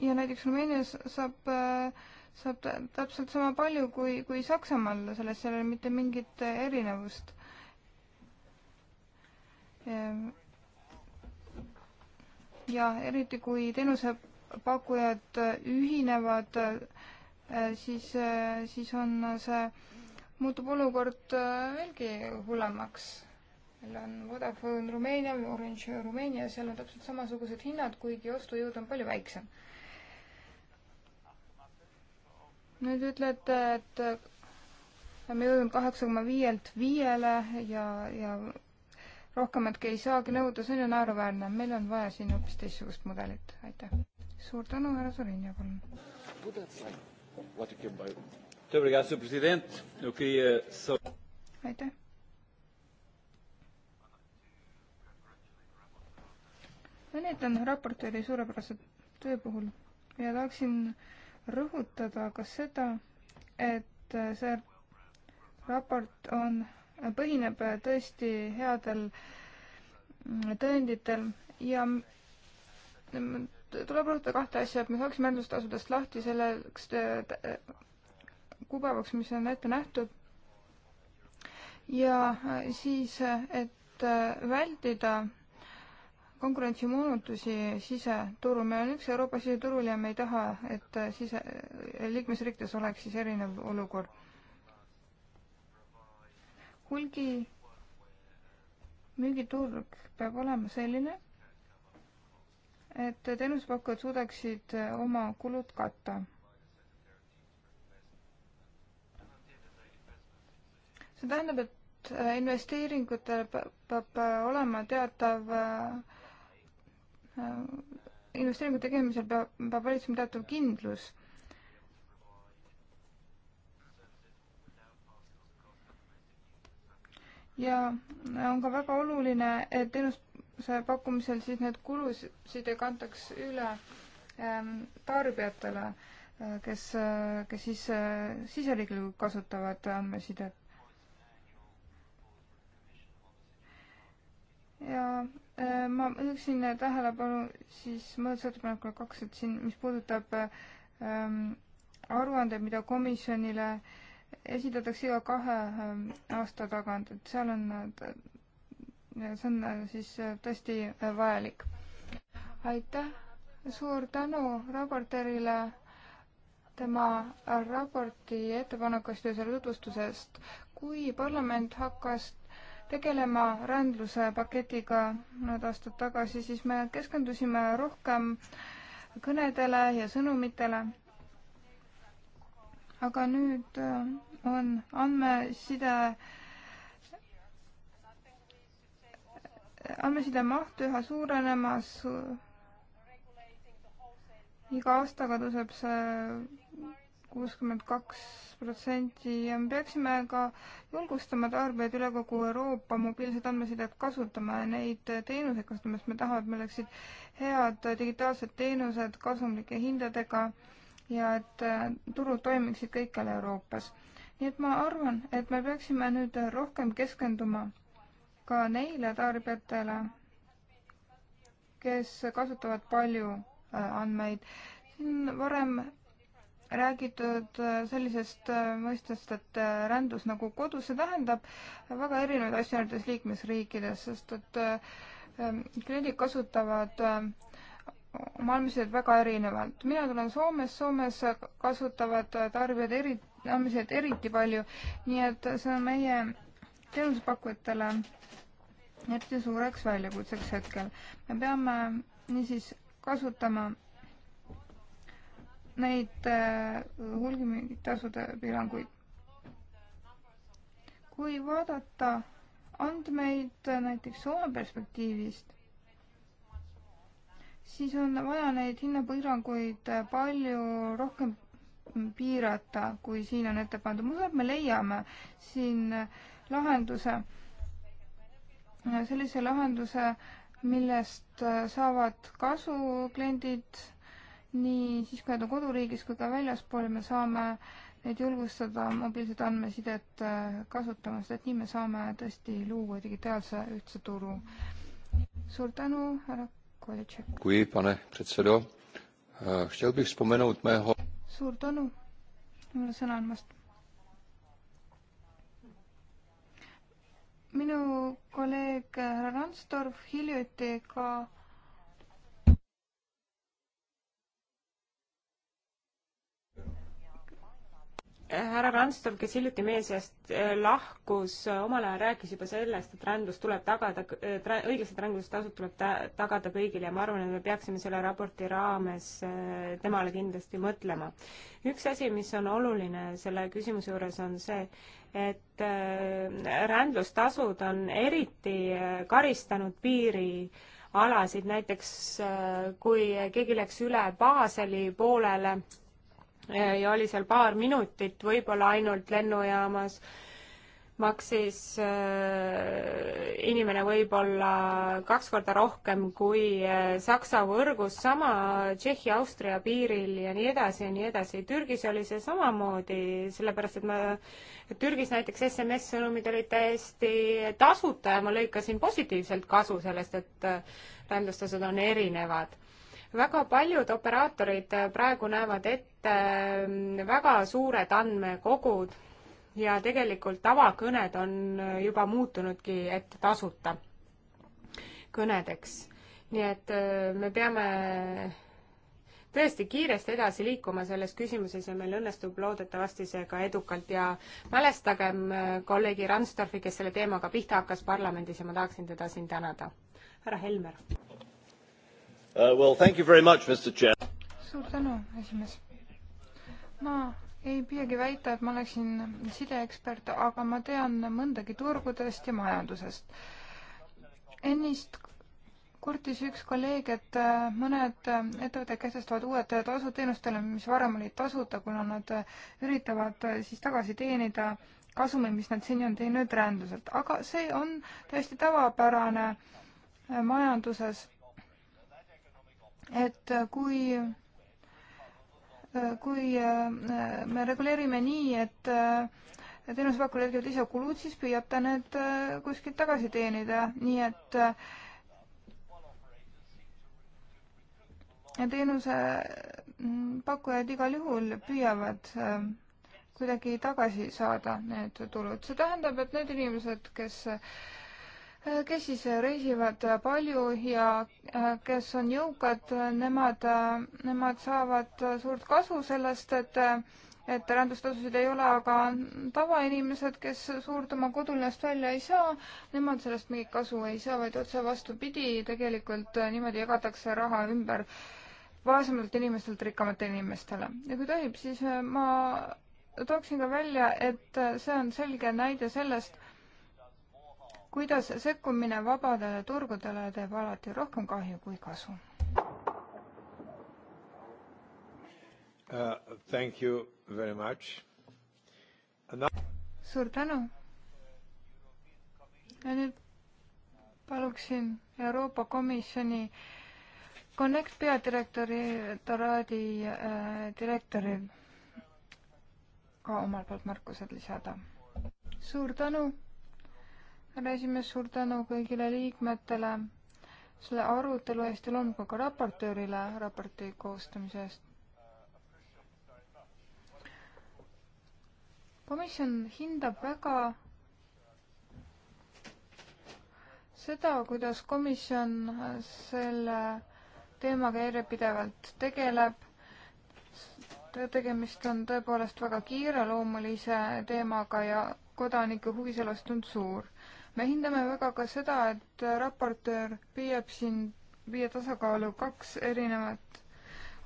ja näiteks Rumeenias saab, äh, saab täpselt sama palju kui, kui Saksamaal, selles ei ole mitte mingit erinevust. Ehm, ja eriti, kui teenusepakkujad äh, ühinevad, äh, siis, siis on see, muutub olukord veelgi hullemaks meil on Vodafone Rumeenia, Orange Rumeenia, seal on täpselt samasugused hinnad, kuigi ostujõud on palju väiksem. nüüd ütlete, et me jõuame kaheksa koma viielt viiele ja, ja rohkematki ei saagi nõuda, see on ju naeruväärne, meil on vaja siin hoopis teistsugust mudelit, aitäh. suur tänu, härra Sorinja, palun. aitäh. õnnitlen raportööri suurepärase töö puhul ja tahaksin äh, rõhutada ka seda, et see raport on, põhineb tõesti headel mm, tõenditel ja tuleb rõhutada kahte asja, et me saaksime endustasudest lahti selleks kuupäevaks, mis on ette nähtud. ja äh, siis, et äh, vältida konkurentsimoonutusi siseturul, meil on üks Euroopa siseturul ja me ei taha, et sise, liikmesriikides oleks siis erinev olukord. hulgi müügiturg peab olema selline, et teenusepakkujad suudaksid oma kulud katta. see tähendab, et investeeringutel peab olema teatav äh, Äh, investeeringu tegemisel peab, peab valitsema teatav kindlus. ja on ka väga oluline, et teenuse pakkumisel siis need kulusid ei kantaks üle ähm, tarbijatele, äh, kes, äh, kes siis siseriiklikult kasutavad andmesidet. ja äh, ma juhiksin tähelepanu siis muudatusettepanekule kaks, et siin, mis puudutab ähm, aruandeid, mida komisjonile esitatakse iga kahe ähm, aasta tagant, et seal on, äh, see on äh, siis tõesti vajalik. aitäh, suur tänu raportöörile tema raporti ettepanekust ja selle tutvustusest. kui parlament hakkas tegelema rändluse paketiga mõned aastad tagasi, siis me keskendusime rohkem kõnedele ja sõnumitele. aga nüüd äh, on andmeside andmeside maht üha suurenemas. iga aastaga tõuseb see kuuskümmend kaks protsenti ja me peaksime ka julgustama tarbijaid üle kogu Euroopa mobiilset andmesidet kasutama ja neid teenuseid kasutama, sest me tahame, et meil oleksid head digitaalsed teenused kasumlike hindadega ja et äh, turud toimiksid kõikjal Euroopas. nii et ma arvan, et me peaksime nüüd rohkem keskenduma ka neile tarbijatele, kes kasutavad palju äh, andmeid. siin varem räägitud äh, sellisest äh, mõistest, et äh, rändus nagu kodus, see tähendab väga erinevaid asju erinevates liikmesriikides, sest et ähm, kliendid kasutavad oma andmiseid väga erinevalt. mina tulen Soomest, Soomes kasutavad tarbijad eri, andmiseid eriti palju, nii et see on meie teenusepakkujatele eriti suureks väljakutseks hetkel. me peame niisiis kasutama neid äh, hulgimüügitasude piiranguid. kui vaadata andmeid näiteks Soome perspektiivist, siis on vaja neid hinnapiiranguid palju rohkem piirata, kui siin on ette pandud. ma usun, et me leiame siin lahenduse, sellise lahenduse, millest saavad kasu kliendid nii siis, kui nad on koduriigis kui ka väljaspool, me saame neid julgustada mobiilset andmesidet äh, kasutama, sest et nii me saame tõesti luua digitaalse ühtse turu. suur tänu, härra Kolitšek. kui pane, pretsedo, äh, chtěl bych vzpomenout mého. suur tänu mulle sõna andmast. minu kolleeg äh, härra Randstorf hiljuti ka härra Randstorm, kes hiljuti meie seast äh, lahkus, äh, omal ajal rääkis juba sellest, et rändlus tuleb tagada, äh, õiglased rändlustasud tuleb ta-, tagada kõigile ja ma arvan, et me peaksime selle raporti raames temale kindlasti mõtlema. üks asi, mis on oluline selle küsimuse juures, on see, et rändlustasud on eriti karistanud piiri alasid, näiteks kui keegi läks üle Baseli poolele, ja oli seal paar minutit võib-olla ainult lennujaamas, maksis äh, inimene võib-olla kaks korda rohkem kui äh, Saksa võrgus, sama Tšehhi-Austria piiril ja nii edasi ja nii edasi. Türgis oli see samamoodi, sellepärast et ma, Türgis näiteks SMS-sõnumid olid täiesti tasuta ja ma lõikasin positiivselt kasu sellest, et äh, rändustasud on erinevad väga paljud operaatorid äh, praegu näevad ette äh, väga suured andmekogud ja tegelikult tavakõned on äh, juba muutunudki, et tasuta kõnedeks. nii et me peame tõesti kiiresti edasi liikuma selles küsimuses ja meil õnnestub loodetavasti see ka edukalt ja mälestagem kolleegi Randstorfi, kes selle teemaga pihta hakkas parlamendis ja ma tahaksin teda siin tänada. härra Helmer uh,. Well, thank you very much, Mr Chair. suur tänu, esimees. ma ei peagi väita, et ma oleksin sideekspert, aga ma tean mõndagi turgudest ja majandusest. ennist kurtis üks kolleeg, et äh, mõned äh, ettevõtted kehtestavad uued tasud teenustele, mis varem olid tasuta, kuna nad äh, üritavad siis tagasi teenida kasumi, mis nad seni on teeninud ränduselt, aga see on täiesti tavapärane majanduses et kui kui äh, me reguleerime nii, et äh, teenusepakkujad teevad ise kulud, siis püüab ta need äh, kuskilt tagasi teenida, nii et teenusepakkujad mm, igal juhul püüavad kuidagi tagasi saada need tulud. see tähendab, et need inimesed, kes kes siis reisivad palju ja äh, kes on jõukad, nemad, äh, nemad saavad suurt kasu sellest, et äh, et rändustasusid ei ole, aga tavainimesed, kes suurt oma kodulinnast välja ei saa, nemad sellest mingit kasu ei saa, vaid otse vastupidi, tegelikult niimoodi jagatakse raha ümber vaesematelt inimestelt rikkamatele inimestele. ja kui tohib, siis ma tooksin ka välja, et see on selge näide sellest, kuidas sekkumine vabadele turgudele teeb alati rohkem kahju kui kasu uh,? Thank you very much Another... suur tänu. ja nüüd paluksin Euroopa Komisjoni Connect peadirektori, Toraadi äh, direktoril ka omalt poolt märkused lisada. suur tänu härra esimees, suur tänu kõigile liikmetele selle arutelu eest ja loomulikult ka raportöörile raporti koostamise eest. komisjon hindab väga seda, kuidas komisjon selle teemaga järjepidevalt tegeleb. tegemist on tõepoolest väga kiireloomulise teemaga ja kodanike huvi sellest on suur me hindame väga ka seda, et raportöör püüab siin viia tasakaalu kaks erinevat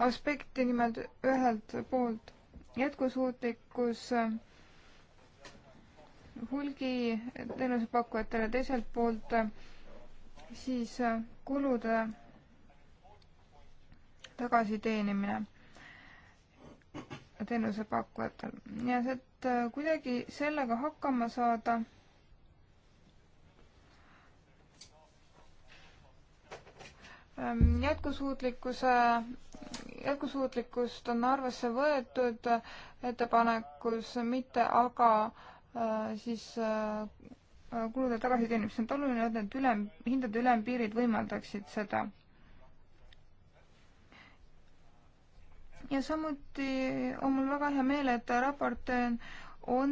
aspekti, nimelt ühelt poolt jätkusuutlikkus hulgi teenusepakkujatele, teiselt poolt siis kulude tagasiteenimine teenusepakkujatel. nii et, et kuidagi sellega hakkama saada Ehm, jätkusuutlikkuse, jätkusuutlikkust on arvesse võetud ettepanekus, mitte aga äh, siis äh, äh, kulude tagasiteenimist on oluline, et need ülem, hindade ülempiirid võimaldaksid seda. ja samuti on mul väga hea meel, et raport on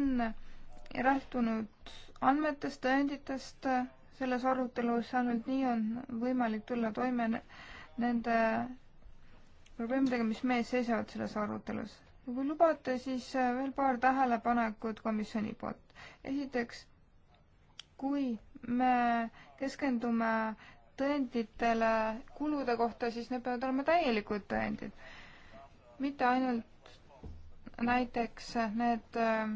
lähtunud andmetest, tõenditest, selles arutelus, ainult nii on võimalik tulla toime nende probleemidega, mis meie ees seisavad selles arutelus. kui lubate, siis äh, veel paar tähelepanekut komisjoni poolt. esiteks, kui me keskendume tõenditele kulude kohta, siis need peavad olema täielikud tõendid. mitte ainult näiteks need äh,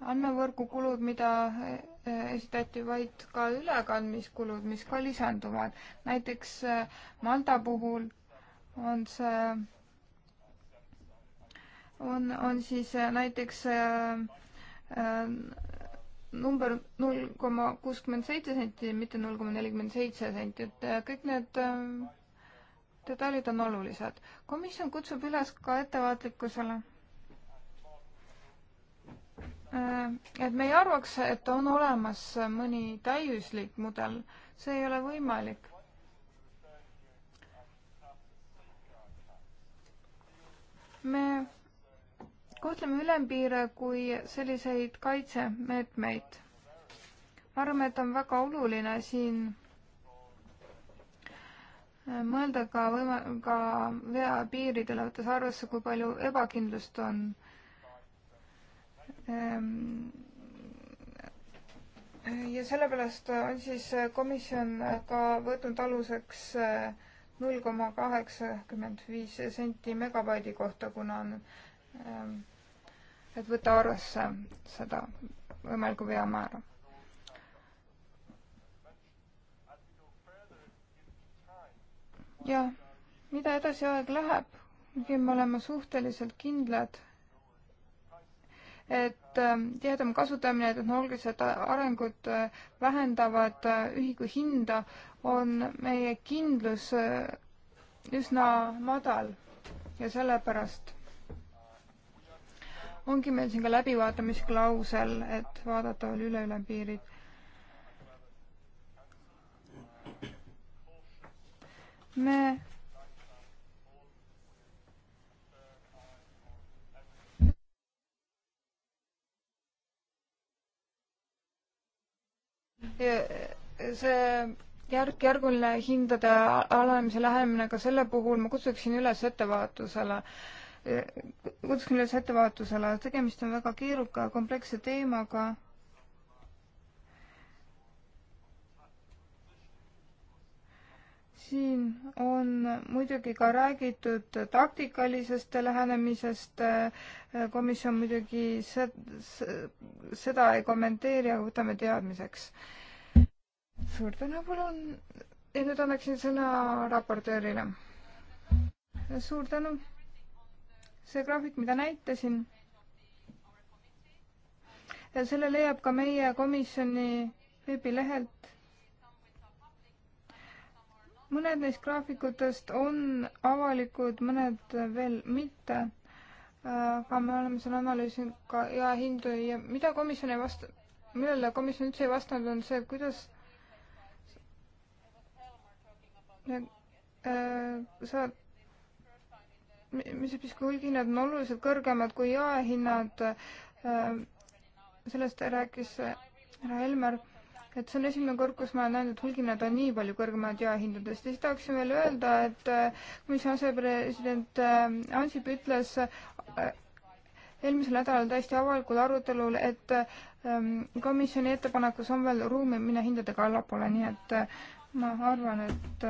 andmevõrgu kulud, mida äh, esitati vaid ka ülekandmiskulud, mis ka lisanduvad. näiteks äh, Malta puhul on see, on, on siis äh, näiteks äh, number null koma kuuskümmend seitse senti, mitte null koma nelikümmend seitse senti, et kõik need detailid on olulised. komisjon kutsub üles ka ettevaatlikkusele Äh, et me ei arvaks, et on olemas mõni täiuslik mudel, see ei ole võimalik. me kohtleme ülempiire kui selliseid kaitsemeetmeid. ma arvan, et on väga oluline siin äh, mõelda ka võima-, ka veapiiridele, võttes arvesse, kui palju ebakindlust on Ehm, ja sellepärast on siis äh, komisjon äh, ka võtnud aluseks äh, null koma kaheksakümmend viis senti megabaidi kohta, kuna on, ehm, et võtta arvesse seda võimalikku veamäära. ja mida edasi aeg läheb, me oleme suhteliselt kindlad et ähm, tihedam kasutamine ja tehnoloogilised arengud äh, vähendavad äh, ühiku hinda, on meie kindlus äh, üsna madal ja sellepärast ongi meil siin ka läbivaatamisklausel, et vaadata veel üle ülempiirid. me Eh, see järk-järguline hindade alanemise lähenemine ka selle puhul ma kutsuksin üles ettevaatusele eh, kutsuksin üles ettevaatusele, tegemist on väga keeruka ja kompleksse teemaga siin on muidugi ka räägitud taktikalisest lähenemisest, komisjon muidugi seda ei kommenteeri, aga võtame teadmiseks. suur tänu, palun. ja nüüd annaksin sõna raportöörile. suur tänu. see graafik, mida näitasin, selle leiab ka meie komisjoni veebilehelt mõned neist graafikutest on avalikud, mõned veel mitte, äh, aga me oleme seal analüüsinud ka jaehindu ja mida komisjon ei vasta, millele komisjon üldse ei vastanud, on see, kuidas ja, äh, sa mis hoopis hulgihinnad on oluliselt kõrgemad kui jaehinnad äh,, sellest rääkis härra Helmer et see on esimene kord, kus ma olen näinud hulgihinnad on nii palju kõrgemad jaehindadest ja siis tahaksin veel öelda, et äh, komisjoni asepresident äh, Ansip ütles äh, eelmisel nädalal täiesti avalikul arutelul, et ähm, komisjoni ettepanekus on veel ruumi minna hindadega allapoole, nii et ma arvan, et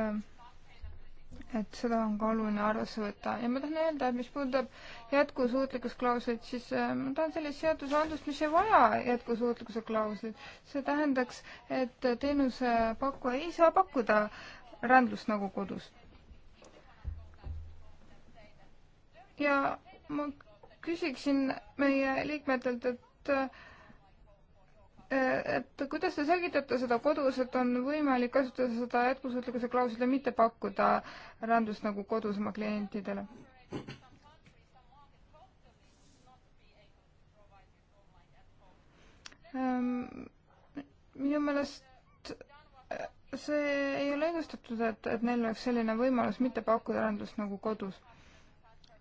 et seda on ka oluline arvesse võtta ja ma tahan öelda, et mis puudutab jätkusuutlikkust klauslit, siis äh, ma tahan sellist seadusandlust, mis ei vaja jätkusuutlikkuse klauslit. see tähendaks, et teenusepakkuja ei saa pakkuda rändlust nagu kodus. ja ma küsiksin meie liikmetelt, et äh, Äh, et kuidas te selgitate seda kodus, et on võimalik kasutada seda jätkusuutlikkuse klauslit ja mitte pakkuda rändust nagu kodus oma klientidele? Ähm, minu meelest äh, see ei ole õigustatud, et, et neil oleks selline võimalus mitte pakkuda rändust nagu kodus.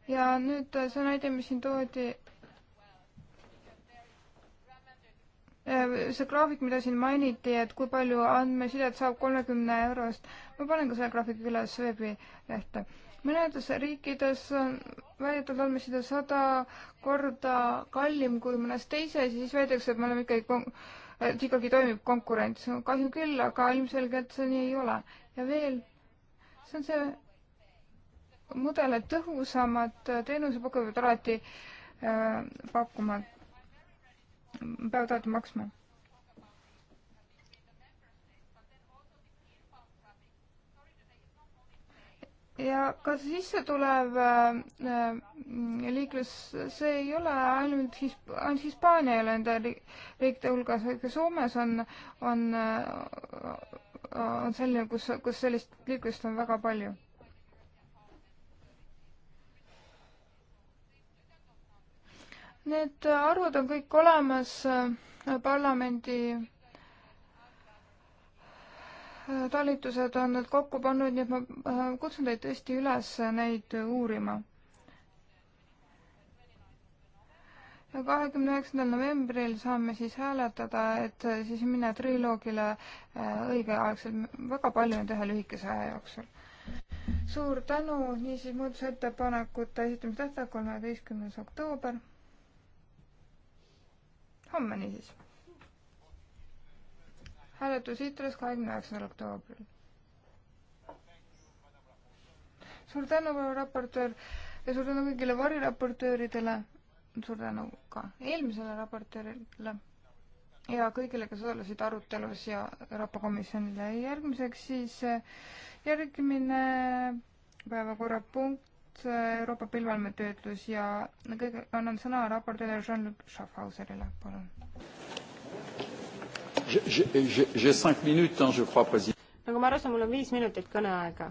ja nüüd äh, see näide, mis siin toodi Äh, see graafik, mida siin mainiti, et kui palju andmesidet saab kolmekümne eurost, ma panen ka selle graafiku üles veebilehte. mõnedes riikides on väidetud andmeside sada korda kallim kui mõnes teises ja siis väidetakse, et me oleme ikkagi, äh, et ikkagi toimib konkurents. kahju küll, aga ilmselgelt see nii ei ole. ja veel, see on see mudel, et tõhusamad teenusepakkujad alati äh, pakkuma peavad alati maksma. ja ka see sisse tulev äh, liiklus, see ei ole ainult Hisp-, ainult Hispaania ei ole nende riikide hulgas, vaid ka Soomes on, on, äh, on selline, kus, kus sellist liiklust on väga palju Need arvud on kõik olemas äh, parlamendi äh, talitused on need kokku pannud, nii et ma äh, kutsun teid tõesti üles neid uurima. ja kahekümne üheksandal novembril saame siis hääletada, et siis minna triloogile õigeaegselt. väga palju on teha lühikese aja jooksul. suur tänu, niisiis muudatusettepanekute esitamise tähtaeg kolmeteistkümnes oktoober homme niisiis. hääletus Itras kahekümne üheksandal oktoobril. suur tänu, raportöör ja suur tänu kõigile variraportööridele, suur tänu ka eelmisele raportöörile ja kõigile, kes osalesid arutelus ja Euroopa Komisjonile. järgmiseks siis eh, järgmine päevakorrapunkt Äh, Euroopa Pilveandmetöötlus ja kõige, annan sõna raportööle Jean-Luc Schaffhauserile, palun. nagu ma aru saan, mul on viis minutit kõneaega,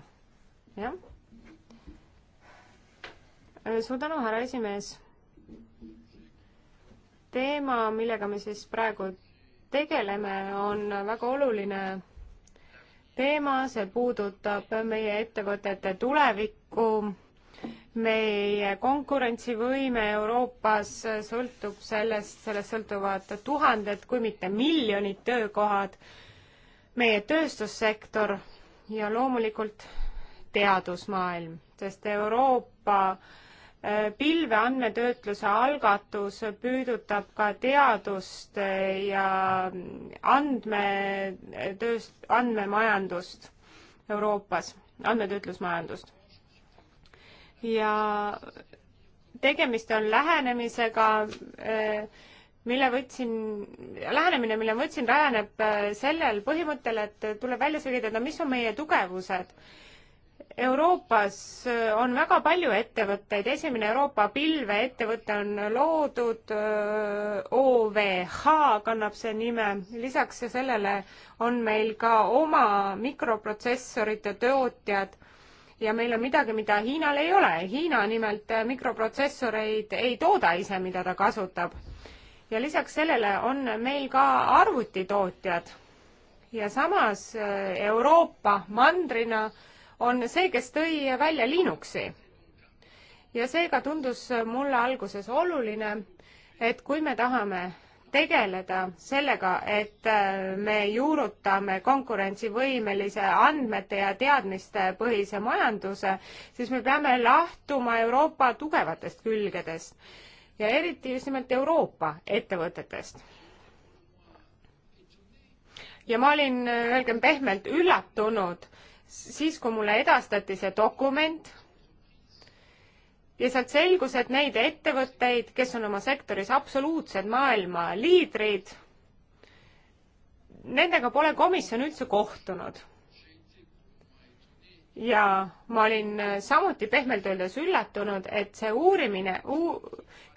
jah? Äh, suur tänu, härra esimees. teema, millega me siis praegu tegeleme, on väga oluline teema, see puudutab meie ettevõtete tulevikku meie konkurentsivõime Euroopas sõltub sellest, sellest sõltuvad tuhanded, kui mitte miljonid töökohad, meie tööstussektor ja loomulikult teadusmaailm, sest Euroopa äh, pilve andmetöötluse algatus püüdutab ka teadust äh, ja andmetööst, äh, andmemajandust Euroopas, andmetöötlusmajandust ja tegemist on lähenemisega, eh, mille võtsin, lähenemine, mille ma võtsin, rajaneb eh, sellel põhimõttel, et tuleb välja selgitada, mis on meie tugevused. Euroopas eh, on väga palju ettevõtteid, esimene Euroopa pilveettevõte on loodud, OVH kannab see nime, lisaks sellele on meil ka oma mikroprotsessorite tootjad ja meil on midagi, mida Hiinal ei ole. Hiina nimelt äh, mikroprotsessoreid ei tooda ise, mida ta kasutab. ja lisaks sellele on meil ka arvutitootjad. ja samas äh, Euroopa mandrina on see, kes tõi välja Linuxi. ja seega tundus mulle alguses oluline, et kui me tahame tegeleda sellega, et äh, me juurutame konkurentsivõimelise andmete ja teadmistepõhise majanduse, siis me peame lahtuma Euroopa tugevatest külgedest ja eriti just nimelt Euroopa ettevõtetest. ja ma olin, äh, öelgem pehmelt, üllatunud siis, kui mulle edastati see dokument ja sealt selgus, et neid ettevõtteid, kes on oma sektoris absoluutsed maailma liidrid, nendega pole komisjon üldse kohtunud. ja ma olin samuti pehmelt öeldes üllatunud, et see uurimine uu,,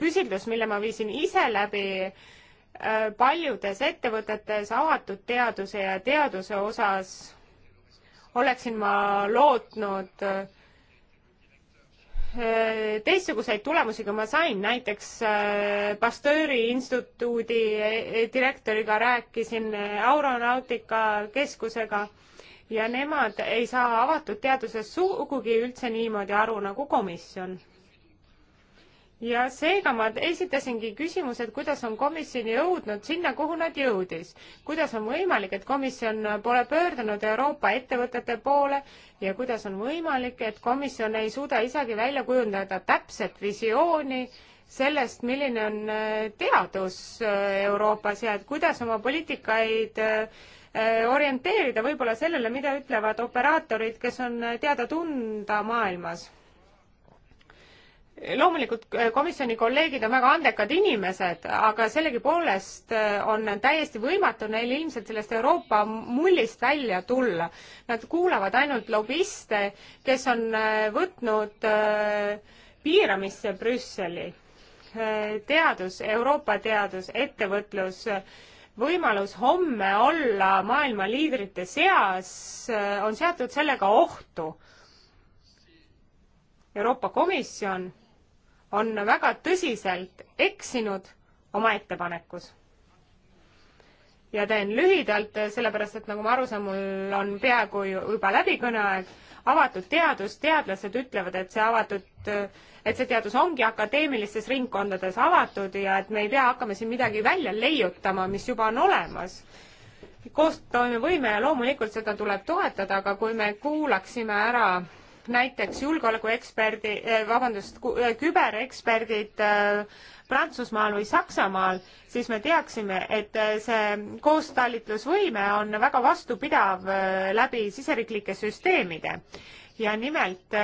küsitlus, mille ma viisin ise läbi äh, paljudes ettevõtetes avatud teaduse ja teaduse osas, oleksin ma lootnud äh, Äh, teistsuguseid tulemusi, kui ma sain, näiteks äh, Pasteuri instituudi äh, direktoriga rääkisin, Auronautika keskusega ja nemad ei saa avatud teaduses sugugi üldse niimoodi aru nagu komisjon ja seega ma esitasingi küsimuse, et kuidas on komisjon jõudnud sinna, kuhu nad jõudis. kuidas on võimalik, et komisjon pole pöördunud Euroopa ettevõtete poole ja kuidas on võimalik, et komisjon ei suuda isegi välja kujundada täpset visiooni sellest, milline on äh, teadus äh, Euroopas ja et kuidas oma poliitikaid äh, orienteerida võib-olla sellele, mida ütlevad operaatorid, kes on teada-tunda maailmas loomulikult eh, komisjoni kolleegid on väga andekad inimesed, aga sellegipoolest eh, on täiesti võimatu neil ilmselt sellest Euroopa mullist välja tulla. Nad kuulavad ainult lobiste, kes on eh, võtnud piiramisse Brüsseli. teadus, Euroopa teadus, ettevõtlus, võimalus homme olla maailma liidrite seas on seatud sellega ohtu. Euroopa Komisjon on väga tõsiselt eksinud oma ettepanekus. ja teen lühidalt, sellepärast et nagu ma aru saan, mul on peaaegu juba läbi kõneaeg, avatud teadus, teadlased ütlevad, et see avatud, et see teadus ongi akadeemilistes ringkondades avatud ja et me ei pea hakkama siin midagi välja leiutama, mis juba on olemas koostoimevõime ja loomulikult seda tuleb toetada, aga kui me kuulaksime ära näiteks julgeolekueksperdi, eh, vabandust, eh, kübereksperdid eh, Prantsusmaal või Saksamaal, siis me teaksime, et see koostalitlusvõime on väga vastupidav läbi siseriiklike süsteemide. ja nimelt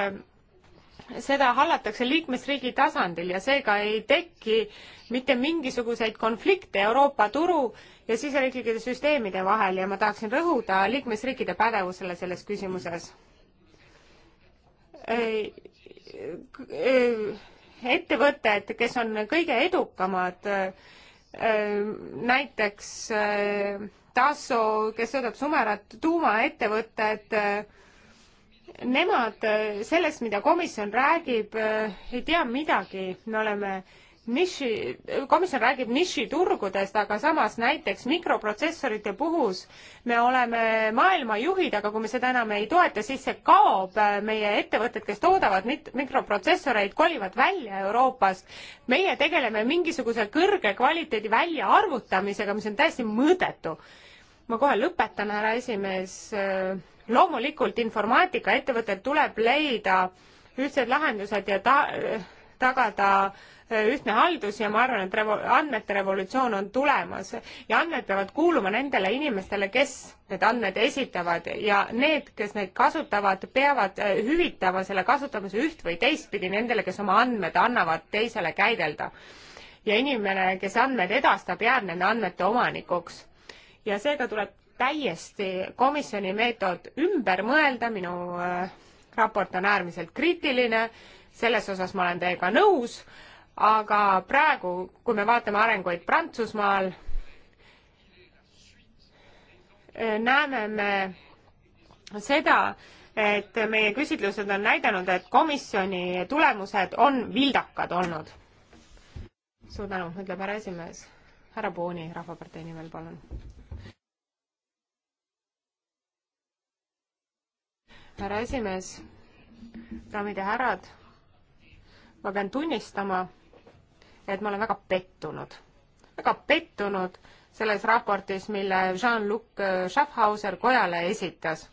seda hallatakse liikmesriigi tasandil ja seega ei teki mitte mingisuguseid konflikte Euroopa turu ja siseriiklike süsteemide vahel ja ma tahaksin rõhuda liikmesriikide pädevusele selles küsimuses ettevõtted, kes on kõige edukamad, näiteks Tasso, kes sõidab sumerat, tuumaettevõtted, nemad sellest, mida komisjon räägib, ei tea midagi, me oleme äh, niši, komisjon räägib nišiturgudest, aga samas näiteks mikroprotsessorite puhus me oleme maailma juhid, aga kui me seda enam ei toeta, siis see kaob, meie ettevõtted, kes toodavad mit-, mikroprotsessoreid, kolivad välja Euroopast. meie tegeleme mingisuguse kõrge kvaliteedi väljaarvutamisega, mis on täiesti mõõdetu. ma kohe lõpetan, härra esimees, loomulikult informaatikaettevõttel tuleb leida ühtsed lahendused ja ta-, tagada äh, ühtne haldus ja ma arvan, et revo-, andmete revolutsioon on tulemas ja andmed peavad kuuluma nendele inimestele, kes need andmed esitavad ja need, kes neid kasutavad, peavad äh, hüvitama selle kasutamise üht või teistpidi nendele, kes oma andmed annavad teisele käidelda. ja inimene, kes andmed edastab, jääb nende andmete omanikuks. ja seega tuleb täiesti komisjoni meetod ümber mõelda, minu äh, raport on äärmiselt kriitiline selles osas ma olen teiega nõus, aga praegu, kui me vaatame arenguid Prantsusmaal, näeme me seda, et meie küsitlused on näidanud, et komisjoni tulemused on vildakad olnud. suur tänu, ütleb härra esimees. härra Pooni Rahvapartei nimel, palun. härra esimees, daamid ja härrad ma pean tunnistama, et ma olen väga pettunud, väga pettunud selles raportis, mille Jean-Luc Schaffhauser kojale esitas.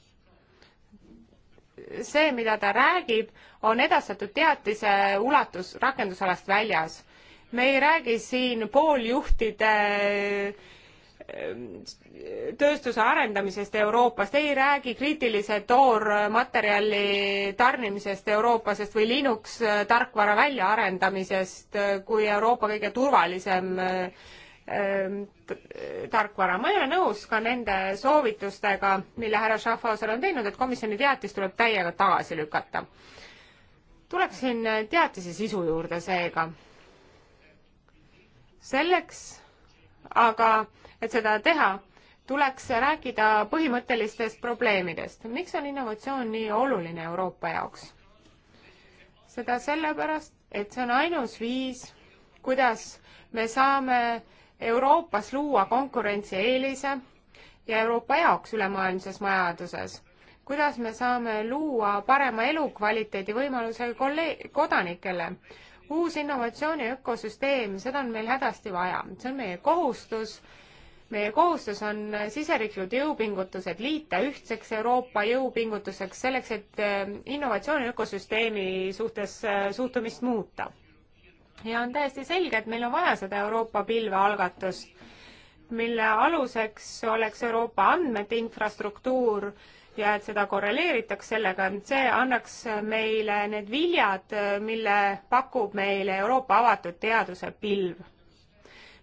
see, mida ta räägib, on edastatud teatise ulatus rakendusalast väljas. me ei räägi siin pooljuhtide äh, tööstuse arendamisest Euroopas, te ei räägi kriitilise toormaterjali tarnimisest Euroopasest või Linux tarkvara väljaarendamisest kui Euroopa kõige turvalisem ähm, tarkvara. ma ei ole nõus ka nende soovitustega, mille härra Schaffhauser on teinud, et komisjoni teatis tuleb täiega tagasi lükata. tuleksin teatise sisu juurde seega. selleks aga et seda teha, tuleks rääkida põhimõttelistest probleemidest. miks on innovatsioon nii oluline Euroopa jaoks? seda sellepärast, et see on ainus viis, kuidas me saame Euroopas luua konkurentsieelise ja Euroopa jaoks ülemaailmses majanduses. kuidas me saame luua parema elukvaliteedi võimaluse kolleeg-, kodanikele. uus innovatsiooni ökosüsteem, seda on meil hädasti vaja, see on meie kohustus meie kohustus on siseriiklikud jõupingutused liita ühtseks Euroopa jõupingutuseks selleks, et eh, innovatsiooni ökosüsteemi suhtes eh, suhtumist muuta. ja on täiesti selge, et meil on vaja seda Euroopa pilvealgatust, mille aluseks oleks Euroopa andmete infrastruktuur ja et seda korreleeritaks sellega, et see annaks meile need viljad, eh, mille pakub meile Euroopa avatud teaduse pilv.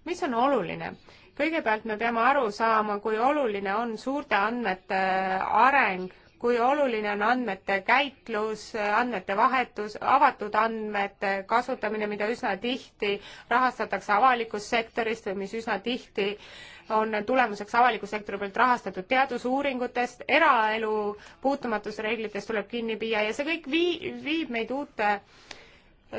mis on oluline? kõigepealt me peame aru saama, kui oluline on suurte andmete äh, areng, kui oluline on andmete käitlus, äh, andmete vahetus, avatud andmete kasutamine, mida üsna tihti rahastatakse avalikust sektorist või mis üsna tihti on tulemuseks avaliku sektori poolt rahastatud teadusuuringutest, eraelu puutumatusreeglitest tuleb kinni püüa ja see kõik vii-, viib meid uute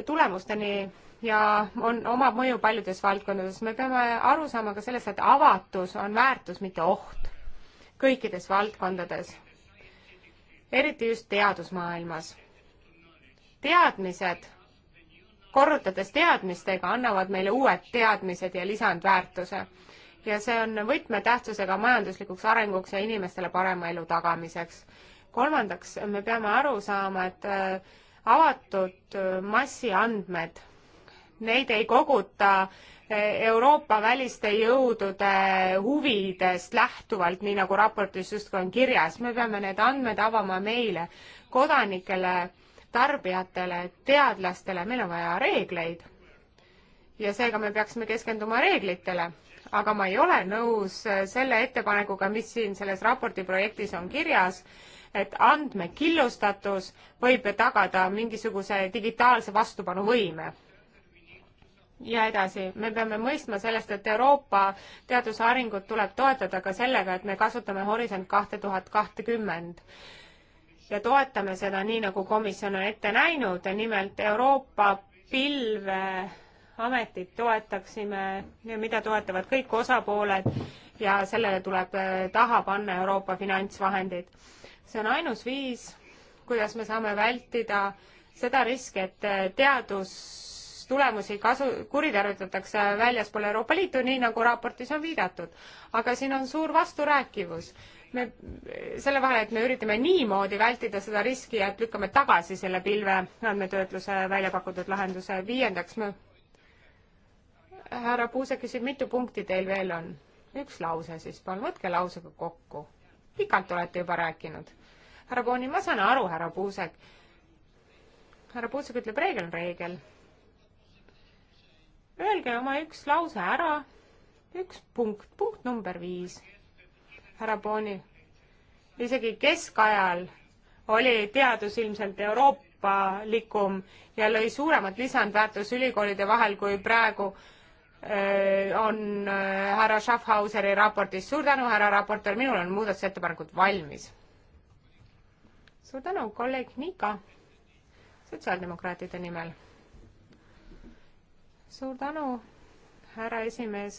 tulemusteni ja on, omab mõju paljudes valdkondades. me peame aru saama ka sellest, et avatus on väärtus, mitte oht kõikides valdkondades, eriti just teadusmaailmas. teadmised, korrutades teadmistega, annavad meile uued teadmised ja lisandväärtuse. ja see on võtmetähtsusega majanduslikuks arenguks ja inimestele parema elu tagamiseks. kolmandaks, me peame aru saama, et äh, avatud äh, massiandmed neid ei koguta eh, Euroopa väliste jõudude huvidest lähtuvalt, nii nagu raportis justkui on kirjas, me peame need andmed avama meile, kodanikele, tarbijatele, teadlastele, meil on vaja reegleid. ja seega me peaksime keskenduma reeglitele, aga ma ei ole nõus eh, selle ettepanekuga, mis siin selles raporti projektis on kirjas, et andmekillustatus võib tagada mingisuguse digitaalse vastupanuvõime ja edasi. me peame mõistma sellest, et Euroopa teaduse arengut tuleb toetada ka sellega, et me kasutame Horisont kahte tuhat kahtekümmend ja toetame seda nii, nagu komisjon on ette näinud, nimelt Euroopa pilveametit toetaksime, mida toetavad kõik osapooled ja sellele tuleb äh, taha panna Euroopa finantsvahendid. see on ainus viis, kuidas me saame vältida seda riski, et äh, teadus tulemusi kasu, kuritarvitatakse väljaspool Euroopa Liitu, nii nagu raportis on viidatud. aga siin on suur vasturääkivus. me, selle vahel, et me üritame niimoodi vältida seda riski ja et lükkame tagasi selle pilve andmetöötluse välja pakutud lahenduse. viiendaks, me, härra Puuse küsib, mitu punkti teil veel on? üks lause siis, palun võtke lausega kokku. pikalt olete juba rääkinud. härra Pooni, ma saan aru, härra Puusek härra Puusik ütleb, reegel on reegel. Öelge oma üks lause ära, üks punkt, punkt number viis, härra Booni. isegi keskajal oli teadus ilmselt euroopalikum ja lõi suuremat lisandväärtus ülikoolide vahel kui praegu öö, äh, on äh, härra Schaffhauseri raportis. suur tänu, härra raportöör, minul on muudatusettepanekud valmis. suur tänu, kolleeg Miika sotsiaaldemokraatide nimel suur tänu, härra esimees.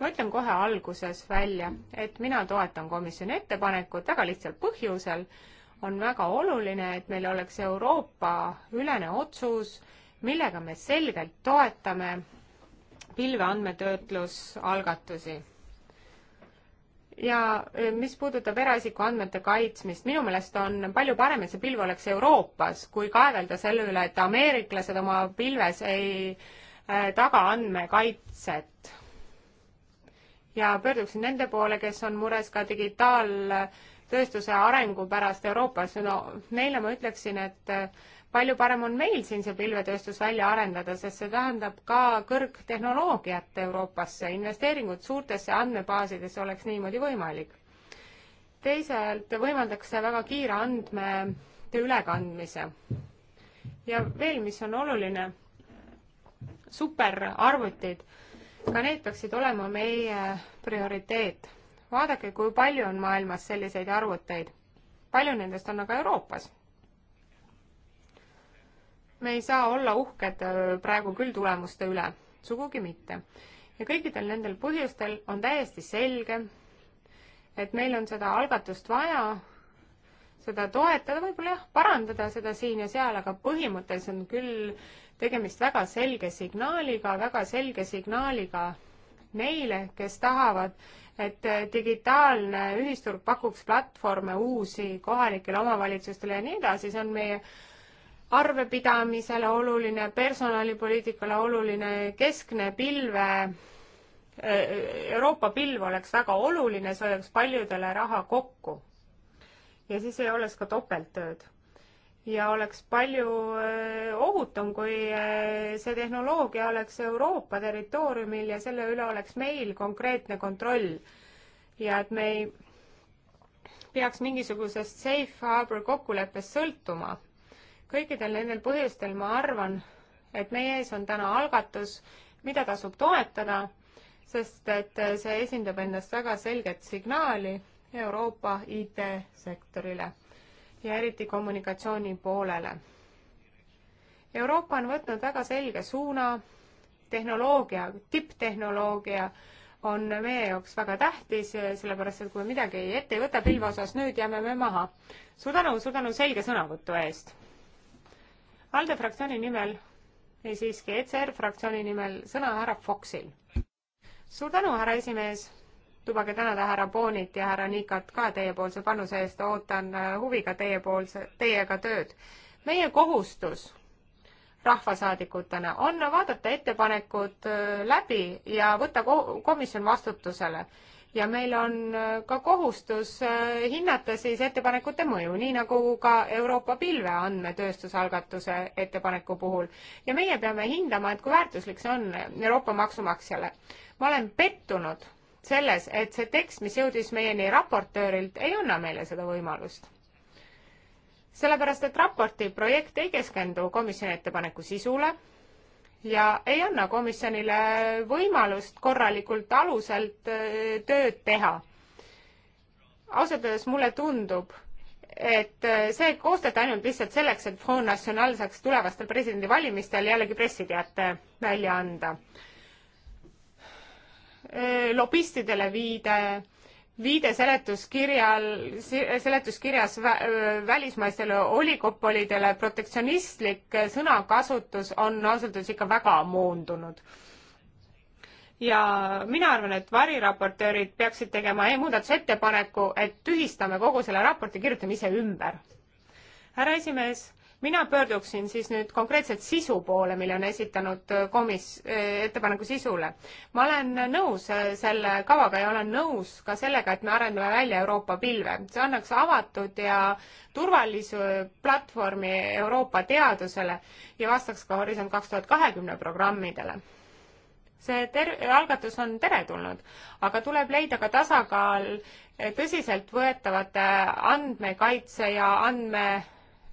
ma ütlen kohe alguses välja, et mina toetan komisjoni ettepanekut väga lihtsal põhjusel. on väga oluline, et meil oleks Euroopa ülene otsus, millega me selgelt toetame pilveandmetöötlusalgatusi ja eh, mis puudutab eraisiku andmete kaitsmist, minu meelest on palju parem, et see pilv oleks Euroopas, kui kaevelda selle üle, et ameeriklased oma pilves ei Äh, taga andmekaitset. ja pöörduksin nende poole, kes on mures ka digitaaltööstuse arengu pärast Euroopas. no neile ma ütleksin, et äh, palju parem on meil siin see pilvetööstus välja arendada, sest see tähendab ka kõrgtehnoloogiat Euroopasse, investeeringud suurtesse andmebaasidesse oleks niimoodi võimalik. teisalt võimaldaks see väga kiire andmete ülekandmise. ja veel, mis on oluline superarvutid, ka need peaksid olema meie prioriteet. vaadake, kui palju on maailmas selliseid arvuteid. palju nendest on aga Euroopas? me ei saa olla uhked äh, praegu küll tulemuste üle, sugugi mitte. ja kõikidel nendel põhjustel on täiesti selge, et meil on seda algatust vaja, seda toetada, võib-olla jah, parandada seda siin ja seal, aga põhimõtteliselt on küll tegemist väga selge signaaliga, väga selge signaaliga neile, kes tahavad, et digitaalne ühisturg pakuks platvorme uusi kohalikele omavalitsustele ja nii edasi, see on meie arvepidamisele oluline, personalipoliitikale oluline, keskne pilve, e, e, Euroopa pilv oleks väga oluline, see hoiaks paljudele raha kokku. ja siis ei oleks ka topelttööd ja oleks palju äh, ohutum, kui äh, see tehnoloogia oleks Euroopa territooriumil ja selle üle oleks meil konkreetne kontroll. ja et me ei peaks mingisugusest safe harbor kokkuleppest sõltuma. kõikidel nendel põhjustel ma arvan, et meie ees on täna algatus, mida tasub toetada, sest et äh, see esindab endast väga selget signaali Euroopa IT-sektorile ja eriti kommunikatsiooni poolele. Euroopa on võtnud väga selge suuna, tehnoloogia, tipptehnoloogia on meie jaoks väga tähtis, sellepärast et kui midagi ette ei võta pilve osas, nüüd jääme me maha. suur tänu, suur tänu selge sõnavõtu eest. ALDE fraktsiooni nimel, ei siiski, ECR fraktsiooni nimel sõna härra Foxil. suur tänu, härra esimees lubage tänada härra Boonit ja härra Nikat ka teiepoolse panuse eest, ootan äh, huviga teiepoolse, teiega tööd. meie kohustus rahvasaadikutena on vaadata ettepanekud äh, läbi ja võtta komisjon vastutusele. ja meil on äh, ka kohustus hinnata siis ettepanekute mõju, nii nagu ka Euroopa Pilve andmetööstusalgatuse ettepaneku puhul. ja meie peame hindama, et kui väärtuslik see on Euroopa maksumaksjale. ma olen pettunud selles, et see tekst, mis jõudis meieni raportöörilt, ei anna meile seda võimalust. sellepärast, et raporti projekt ei keskendu komisjoni ettepaneku sisule ja ei anna komisjonile võimalust korralikult aluselt äh, tööd teha. ausalt öeldes mulle tundub, et äh, see koostati ainult lihtsalt selleks, et Front National saaks tulevastel presidendivalimistel jällegi pressiteate välja anda Äh, lobistidele viide, viide seletuskirjal, seletuskirjas vä, äh, välismaistele oligopolidele, protektsionistlik sõnakasutus on ausalt öeldes ikka väga moondunud ja mina arvan, et variraportöörid peaksid tegema e-, muudatusettepaneku, et tühistame kogu selle raporti, kirjutame ise ümber. härra esimees, mina pöörduksin siis nüüd konkreetselt sisu poole, mille on esitanud äh, komis-, äh, ettepaneku sisule. ma olen nõus äh, selle kavaga ja olen nõus ka sellega, et me arendame välja Euroopa pilve. see annaks avatud ja turvalise platvormi Euroopa teadusele ja vastaks ka Horisont kaks tuhat kahekümne programmidele see ter-, algatus on teretulnud, aga tuleb leida ka tasakaal tõsiseltvõetavate andmekaitse ja andme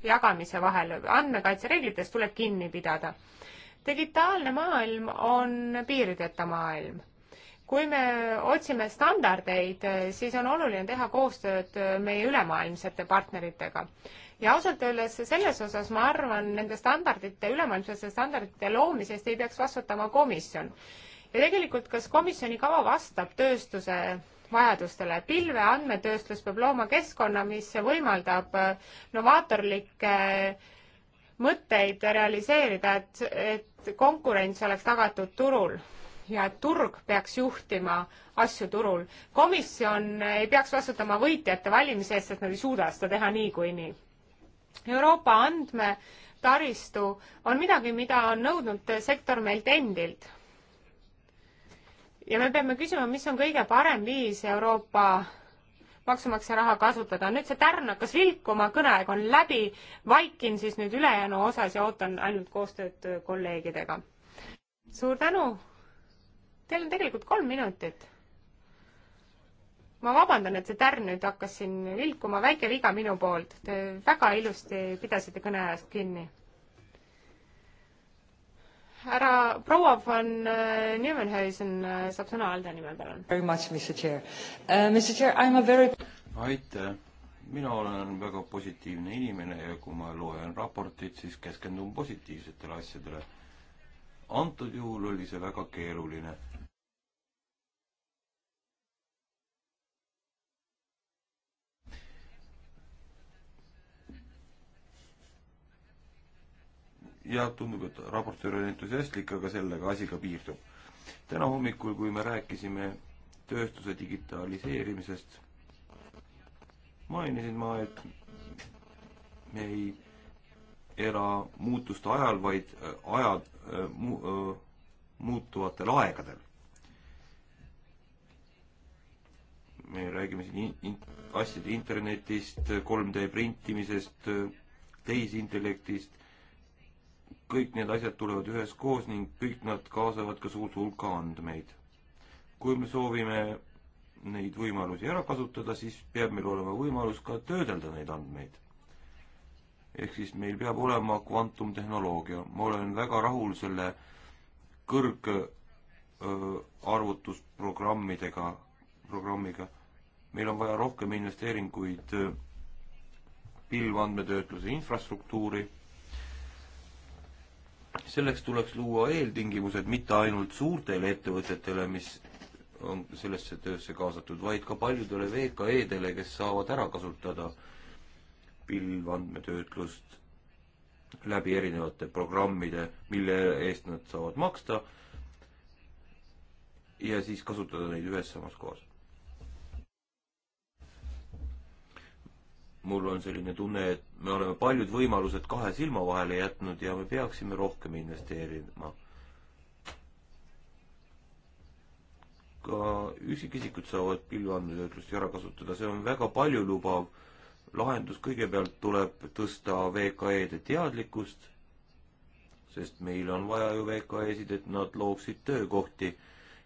jagamise vahel. andmekaitsereeglitest tuleb kinni pidada. digitaalne maailm on piirideta maailm. kui me otsime standardeid, siis on oluline teha koostööd meie ülemaailmsete partneritega. ja ausalt öeldes selles osas ma arvan, nende standardite, ülemaailmsete standardite loomisest ei peaks vastutama komisjon. ja tegelikult, kas komisjoni kava vastab tööstuse vajadustele. pilve andmetööstus peab looma keskkonna, mis võimaldab äh, novaatorlikke äh, mõtteid realiseerida, et, et konkurents oleks tagatud turul ja et turg peaks juhtima asju turul. komisjon ei peaks vastutama võitjate valimise eest, sest nad ei suuda seda teha niikuinii. Nii. Euroopa andmetaristu on midagi, mida on nõudnud sektor meilt endilt ja me peame küsima, mis on kõige parem viis Euroopa maksumaksja raha kasutada. nüüd see tärn hakkas vilkuma, kõneaeg on läbi, vaikin siis nüüd ülejäänu osas ja ootan ainult koostööd kolleegidega. suur tänu. Teil on tegelikult kolm minutit. ma vabandan, et see tärn nüüd hakkas siin vilkuma, väike viga minu poolt. Te väga ilusti pidasite kõne ajast kinni härra proua von äh, Nevenhuisen äh, saab sõna Alde nimel, palun. Very much, Mr Chair uh,. Mr Chair, I am a very aitäh, mina olen väga positiivne inimene ja kui ma loen raportit, siis keskendun positiivsetele asjadele. antud juhul oli see väga keeruline ja tundub, et raportöör on entusiastlik, aga sellega asi ka piirdub. täna hommikul, kui me rääkisime tööstuse digitaliseerimisest, mainisin ma, et me ei ela muutuste ajal, vaid äh, ajad äh, mu, äh, muutuvatel aegadel. me räägime siin in, in, asjade internetist, 3D printimisest, tehisintellektist, kõik need asjad tulevad üheskoos ning kõik nad kaasavad ka suurt hulka andmeid. kui me soovime neid võimalusi ära kasutada, siis peab meil olema võimalus ka töödelda neid andmeid. ehk siis meil peab olema kvantumtehnoloogia, ma olen väga rahul selle kõrgarvutusprogrammidega, programmiga. meil on vaja rohkem investeeringuid pilvandmetöötluse infrastruktuuri selleks tuleks luua eeltingimused mitte ainult suurtele ettevõtetele, mis on sellesse töösse kaasatud, vaid ka paljudele VKE-dele, kes saavad ära kasutada pilvandmetöötlust läbi erinevate programmide, mille eest nad saavad maksta ja siis kasutada neid ühes samas kohas. mul on selline tunne, et me oleme paljud võimalused kahe silma vahele jätnud ja me peaksime rohkem investeerima. ka üksikisikud saavad pilveandmetöötlust ära kasutada, see on väga paljulubav lahendus, kõigepealt tuleb tõsta VKE-de teadlikkust, sest meil on vaja ju VKE-sid, et nad looksid töökohti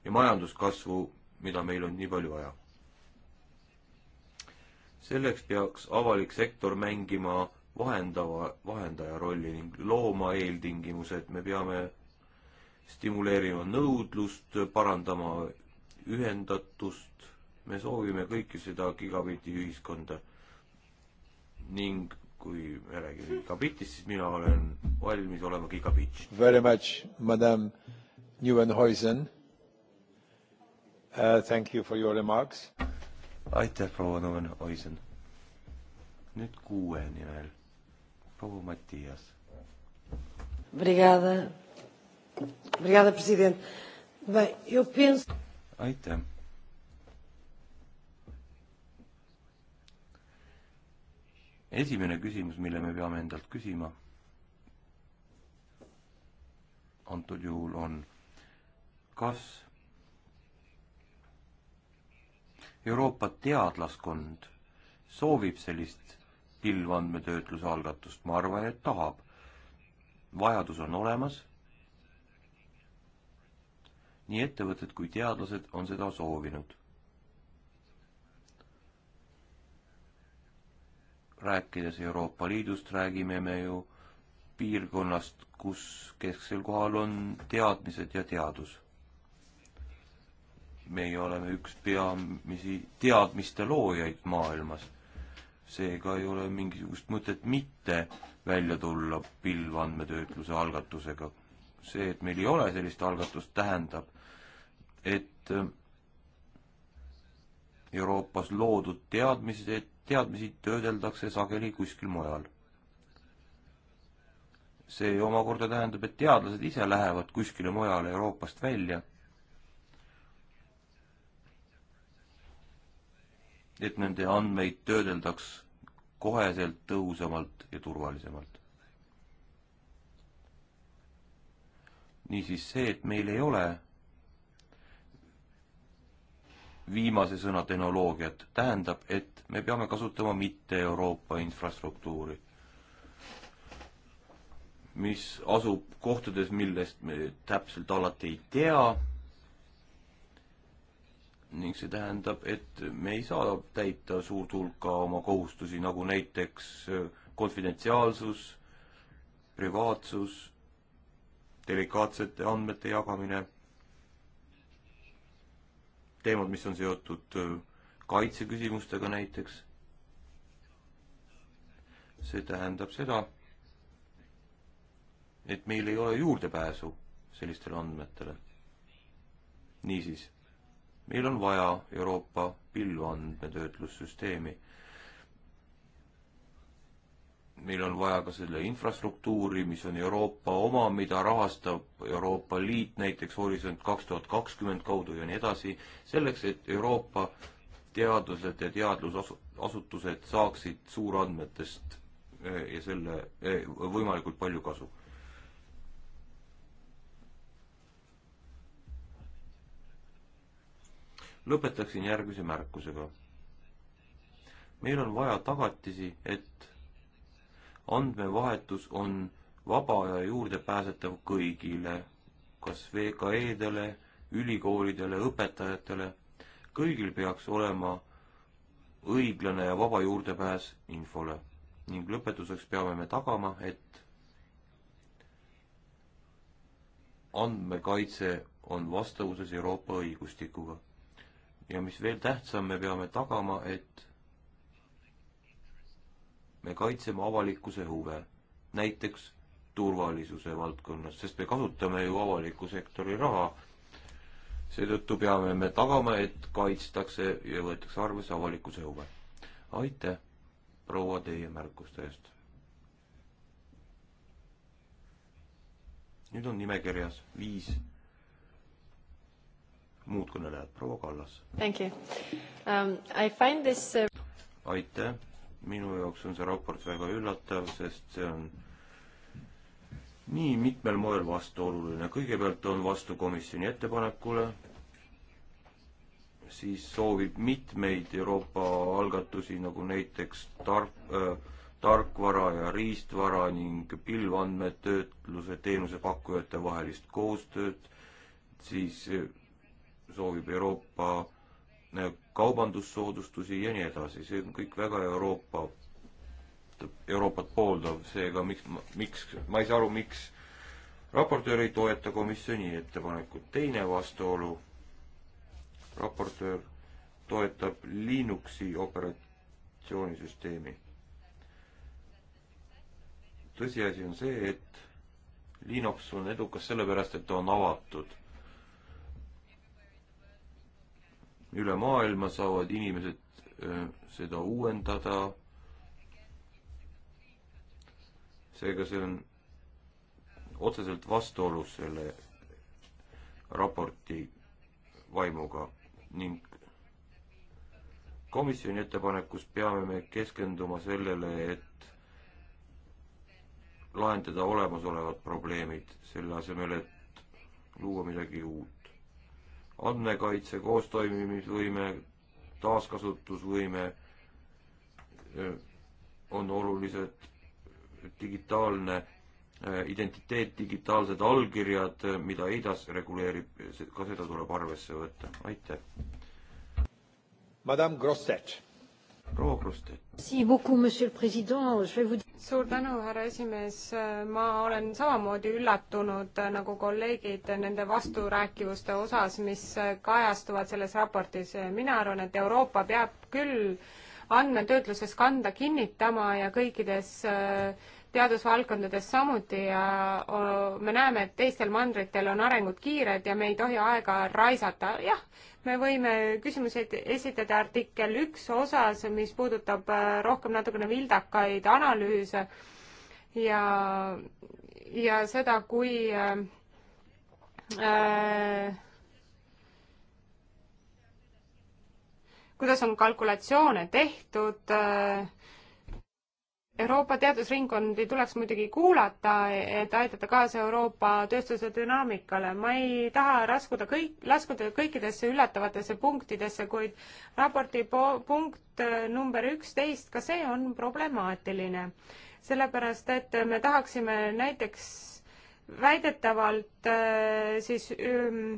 ja majanduskasvu, mida meil on nii palju vaja selleks peaks avalik sektor mängima vahendava, vahendaja rolli ning looma eeltingimused, me peame stimuleerima nõudlust, parandama ühendatust, me soovime kõike seda gigabitti ühiskonda. ning kui me räägime gigabitist, siis mina olen valmis olema gigabitt. Very much, madam Neuenhuisen uh,. Thank you for your remarks aitäh, proua Noven Oisen. nüüd kuue nimel, proua Mattias. Brigada, brigada president. aitäh. esimene küsimus, mille me peame endalt küsima antud juhul on, kas Euroopa teadlaskond soovib sellist pilvandmetöötluse algatust, ma arvan, et tahab. vajadus on olemas. nii ettevõtted kui teadlased on seda soovinud. rääkides Euroopa Liidust, räägime me ju piirkonnast, kus kesksel kohal on teadmised ja teadus meie oleme üks peamisi teadmiste loojaid maailmas. seega ei ole mingisugust mõtet mitte välja tulla pilvandmetöötluse algatusega. see, et meil ei ole sellist algatust, tähendab, et äh, Euroopas loodud teadmised, teadmisi töödeldakse sageli kuskil mujal. see omakorda tähendab, et teadlased ise lähevad kuskile mujale Euroopast välja et nende andmeid töödeldaks koheselt tõhusamalt ja turvalisemalt. niisiis see, et meil ei ole viimase sõna tehnoloogiat, tähendab, et me peame kasutama mitte Euroopa infrastruktuuri, mis asub kohtades, millest me täpselt alati ei tea ning see tähendab, et me ei saa täita suurt hulka oma kohustusi, nagu näiteks äh, konfidentsiaalsus, privaatsus, delikaatsete andmete jagamine, teemad, mis on seotud äh, kaitseküsimustega näiteks. see tähendab seda, et meil ei ole juurdepääsu sellistele andmetele. niisiis meil on vaja Euroopa pilluandmetöötlussüsteemi. meil on vaja ka selle infrastruktuuri, mis on Euroopa oma, mida rahastab Euroopa Liit näiteks Horisont kaks tuhat kakskümmend kaudu ja nii edasi, selleks et Euroopa teadlased ja teadlusasutused saaksid suurandmetest eh, ja selle eh, võimalikult palju kasu lõpetaksin järgmise märkusega. meil on vaja tagatisi, et andmevahetus on vaba ja juurdepääsetav kõigile, kas VKE-dele, ülikoolidele, õpetajatele, kõigil peaks olema õiglane ja vaba juurdepääs infole. ning lõpetuseks peame me tagama, et andmekaitse on vastavuses Euroopa õigustikuga ja mis veel tähtsam, me peame tagama, et me kaitseme avalikkuse huve, näiteks turvalisuse valdkonnas, sest me kasutame ju avaliku sektori raha. seetõttu peame me tagama, et kaitstakse ja võetakse arvesse avalikkuse huve. aitäh, proua, teie märkuste eest. nüüd on nimekirjas viis muud kõnelejad, proua Kallas. Thank you um,. I find this uh, aitäh, minu jaoks on see raport väga üllatav, sest see on nii mitmel moel vastuoluline, kõigepealt on vastu komisjoni ettepanekule, siis soovib mitmeid Euroopa algatusi, nagu näiteks tark äh,, tarkvara ja riistvara ning pilvandmetöötluse teenusepakkujate vahelist koostööd, siis äh, soovib Euroopa eh, kaubandussoodustusi ja nii edasi, see on kõik väga Euroopa, Euroopat pooldav, seega miks, miks, ma ei saa aru, miks raportöör ei toeta komisjoni ettepanekut. teine vastuolu, raportöör toetab Linuxi operatsioonisüsteemi. tõsiasi on see, et Linux on edukas sellepärast, et ta on avatud üle maailma saavad inimesed äh, seda uuendada. seega see on otseselt vastuolus selle raporti vaimuga ning komisjoni ettepanekus peame me keskenduma sellele, et lahendada olemasolevad probleemid, selle asemel, et luua midagi uut andmekaitse, koostoimimisvõime, taaskasutusvõime on olulised, digitaalne identiteet, digitaalsed allkirjad, mida EIDAS reguleerib, ka seda tuleb arvesse võtta, aitäh. Madame Grosset proua Krustel. suur tänu, härra esimees, ma olen samamoodi üllatunud äh, nagu kolleegid nende vasturääkivuste osas, mis äh, kajastuvad selles raportis. mina arvan, et Euroopa peab küll andmetöötluses kanda kinnitama ja kõikides äh, teadusvaldkondades samuti ja me näeme, et teistel mandritel on arengud kiired ja me ei tohi aega raisata. jah, me võime küsimusi esitada artikkel üks osas, mis puudutab äh, rohkem natukene vildakaid analüüse ja, ja seda, kui äh, äh, kuidas on kalkulatsioone tehtud äh, Euroopa teadusringkondi tuleks muidugi kuulata, et aidata kaasa Euroopa tööstuse dünaamikale. ma ei taha raskuda kõik, laskuda kõikidesse üllatavatesse punktidesse, kuid raporti po-, punkt äh, number üksteist, ka see on problemaatiline. sellepärast, et me tahaksime näiteks väidetavalt äh, siis öö,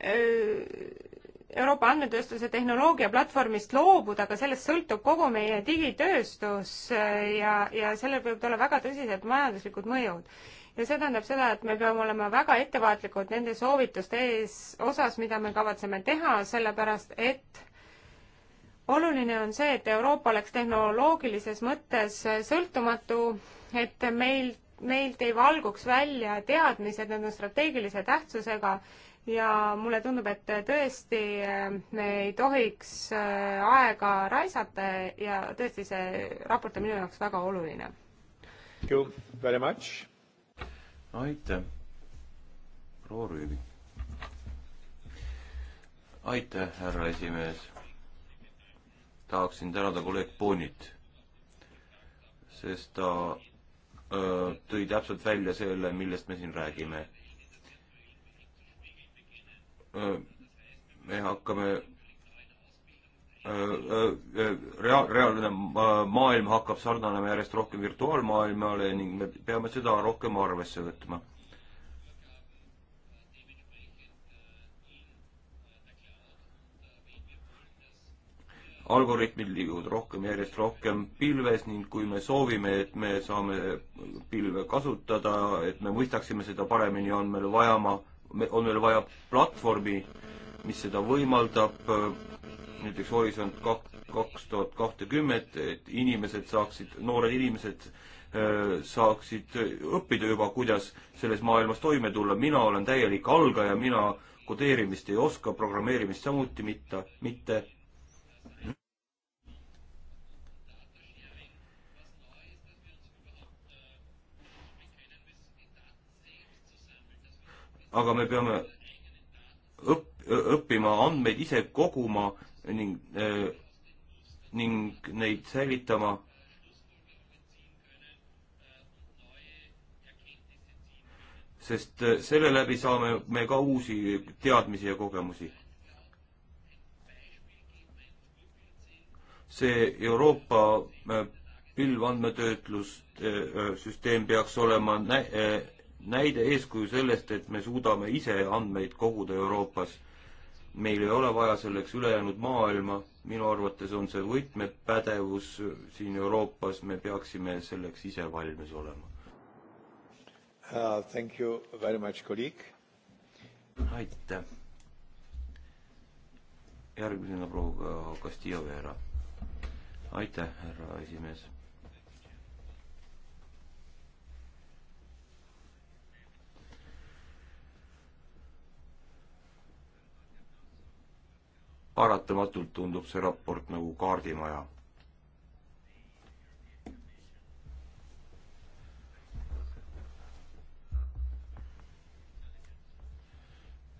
öö, äh, Euroopa andmetööstuse tehnoloogiaplatvormist loobuda, aga sellest sõltub kogu meie digitööstus äh, ja, ja sellel võivad olla väga tõsised majanduslikud mõjud. ja see tähendab seda, et me peame olema väga ettevaatlikud nende soovituste ees osas, mida me kavatseme teha, sellepärast et oluline on see, et Euroopa oleks tehnoloogilises mõttes sõltumatu, et meil meilt ei valguks välja teadmised, need on strateegilise tähtsusega ja mulle tundub, et tõesti äh, me ei tohiks äh, aega raisata ja tõesti see raport on minu jaoks väga oluline. Thank you very much. aitäh, proua Rüübi. aitäh, härra esimees. tahaksin tänada kolleeg Bonit, sest ta öö, äh, tõi täpselt välja selle, millest me siin räägime me hakkame rea-, reaalne maailm hakkab sarnanema järjest rohkem virtuaalmaailmale ning me peame seda rohkem arvesse võtma. algoritmid liiguvad rohkem, järjest rohkem pilves ning kui me soovime, et me saame pilve kasutada, et me mõistaksime seda paremini, on meil vaja oma on meil vaja platvormi, mis seda võimaldab, näiteks Horisont kaks tuhat kahtekümmet, et inimesed saaksid, noored inimesed äh, saaksid õppida juba, kuidas selles maailmas toime tulla. mina olen täielik algaja, mina kodeerimist ei oska, programmeerimist samuti mitte, mitte aga me peame õpp, õppima andmeid ise koguma ning äh,, ning neid säilitama. sest selle läbi saame me ka uusi teadmisi ja kogemusi. see Euroopa pilvandmetöötlussüsteem peaks olema nä-, näide eeskuju sellest, et me suudame ise andmeid koguda Euroopas. meil ei ole vaja selleks ülejäänud maailma, minu arvates on see võtmepädevus siin Euroopas, me peaksime selleks ise valmis olema uh,. Thank you very much, kolleeg. aitäh. järgmisena proua Castillo Vera. aitäh, härra esimees paratamatult tundub see raport nagu kaardimaja.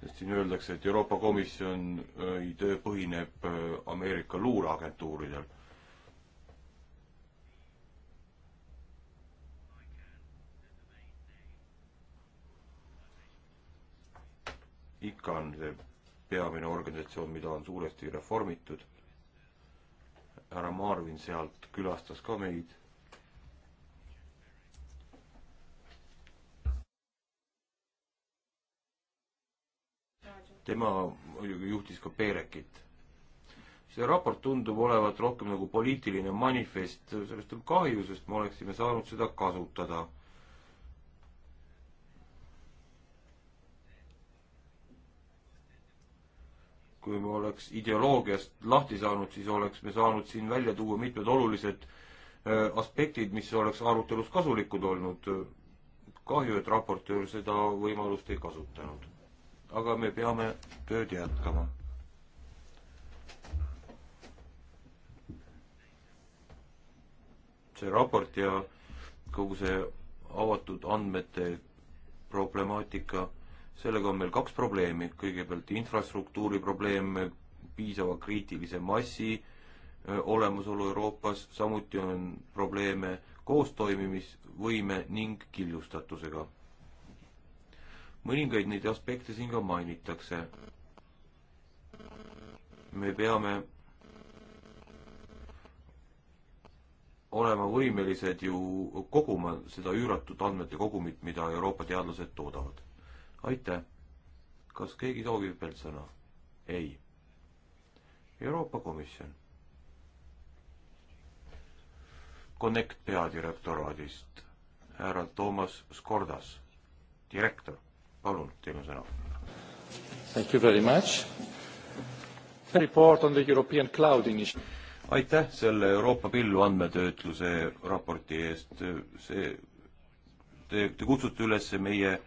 sest siin öeldakse, et Euroopa Komisjoni äh, töö põhineb äh, Ameerika luureagentuuridel ikka on see peamine organisatsioon, mida on suuresti reformitud. härra Marvin sealt külastas ka meid. tema muidugi juhtis ka Perekit. see raport tundub olevat rohkem nagu poliitiline manifest, sellest on kahju, sest me oleksime saanud seda kasutada kui me oleks ideoloogiast lahti saanud, siis oleks me saanud siin välja tuua mitmed olulised äh, aspektid, mis oleks arutelus kasulikud olnud. kahju, et raportöör seda võimalust ei kasutanud. aga me peame tööd jätkama. see raport ja kogu see avatud andmete problemaatika sellega on meil kaks probleemi, kõigepealt infrastruktuuri probleem, piisava kriitilise massi olemasolu Euroopas, samuti on probleeme koostoimimisvõime ning killustatusega. mõningaid neid aspekte siin ka mainitakse. me peame olema võimelised ju koguma seda üüratud andmete kogumit, mida Euroopa teadlased toodavad aitäh. kas keegi soovib veel sõna? ei. Euroopa Komisjon. Connect peadirektoraadist härra Toomas Skordas, direktor, palun, teil on sõna. Thank you very much. Report on the European Cloud Initiative. aitäh selle Euroopa pillu andmetöötluse raporti eest, see, te, te kutsute üles meie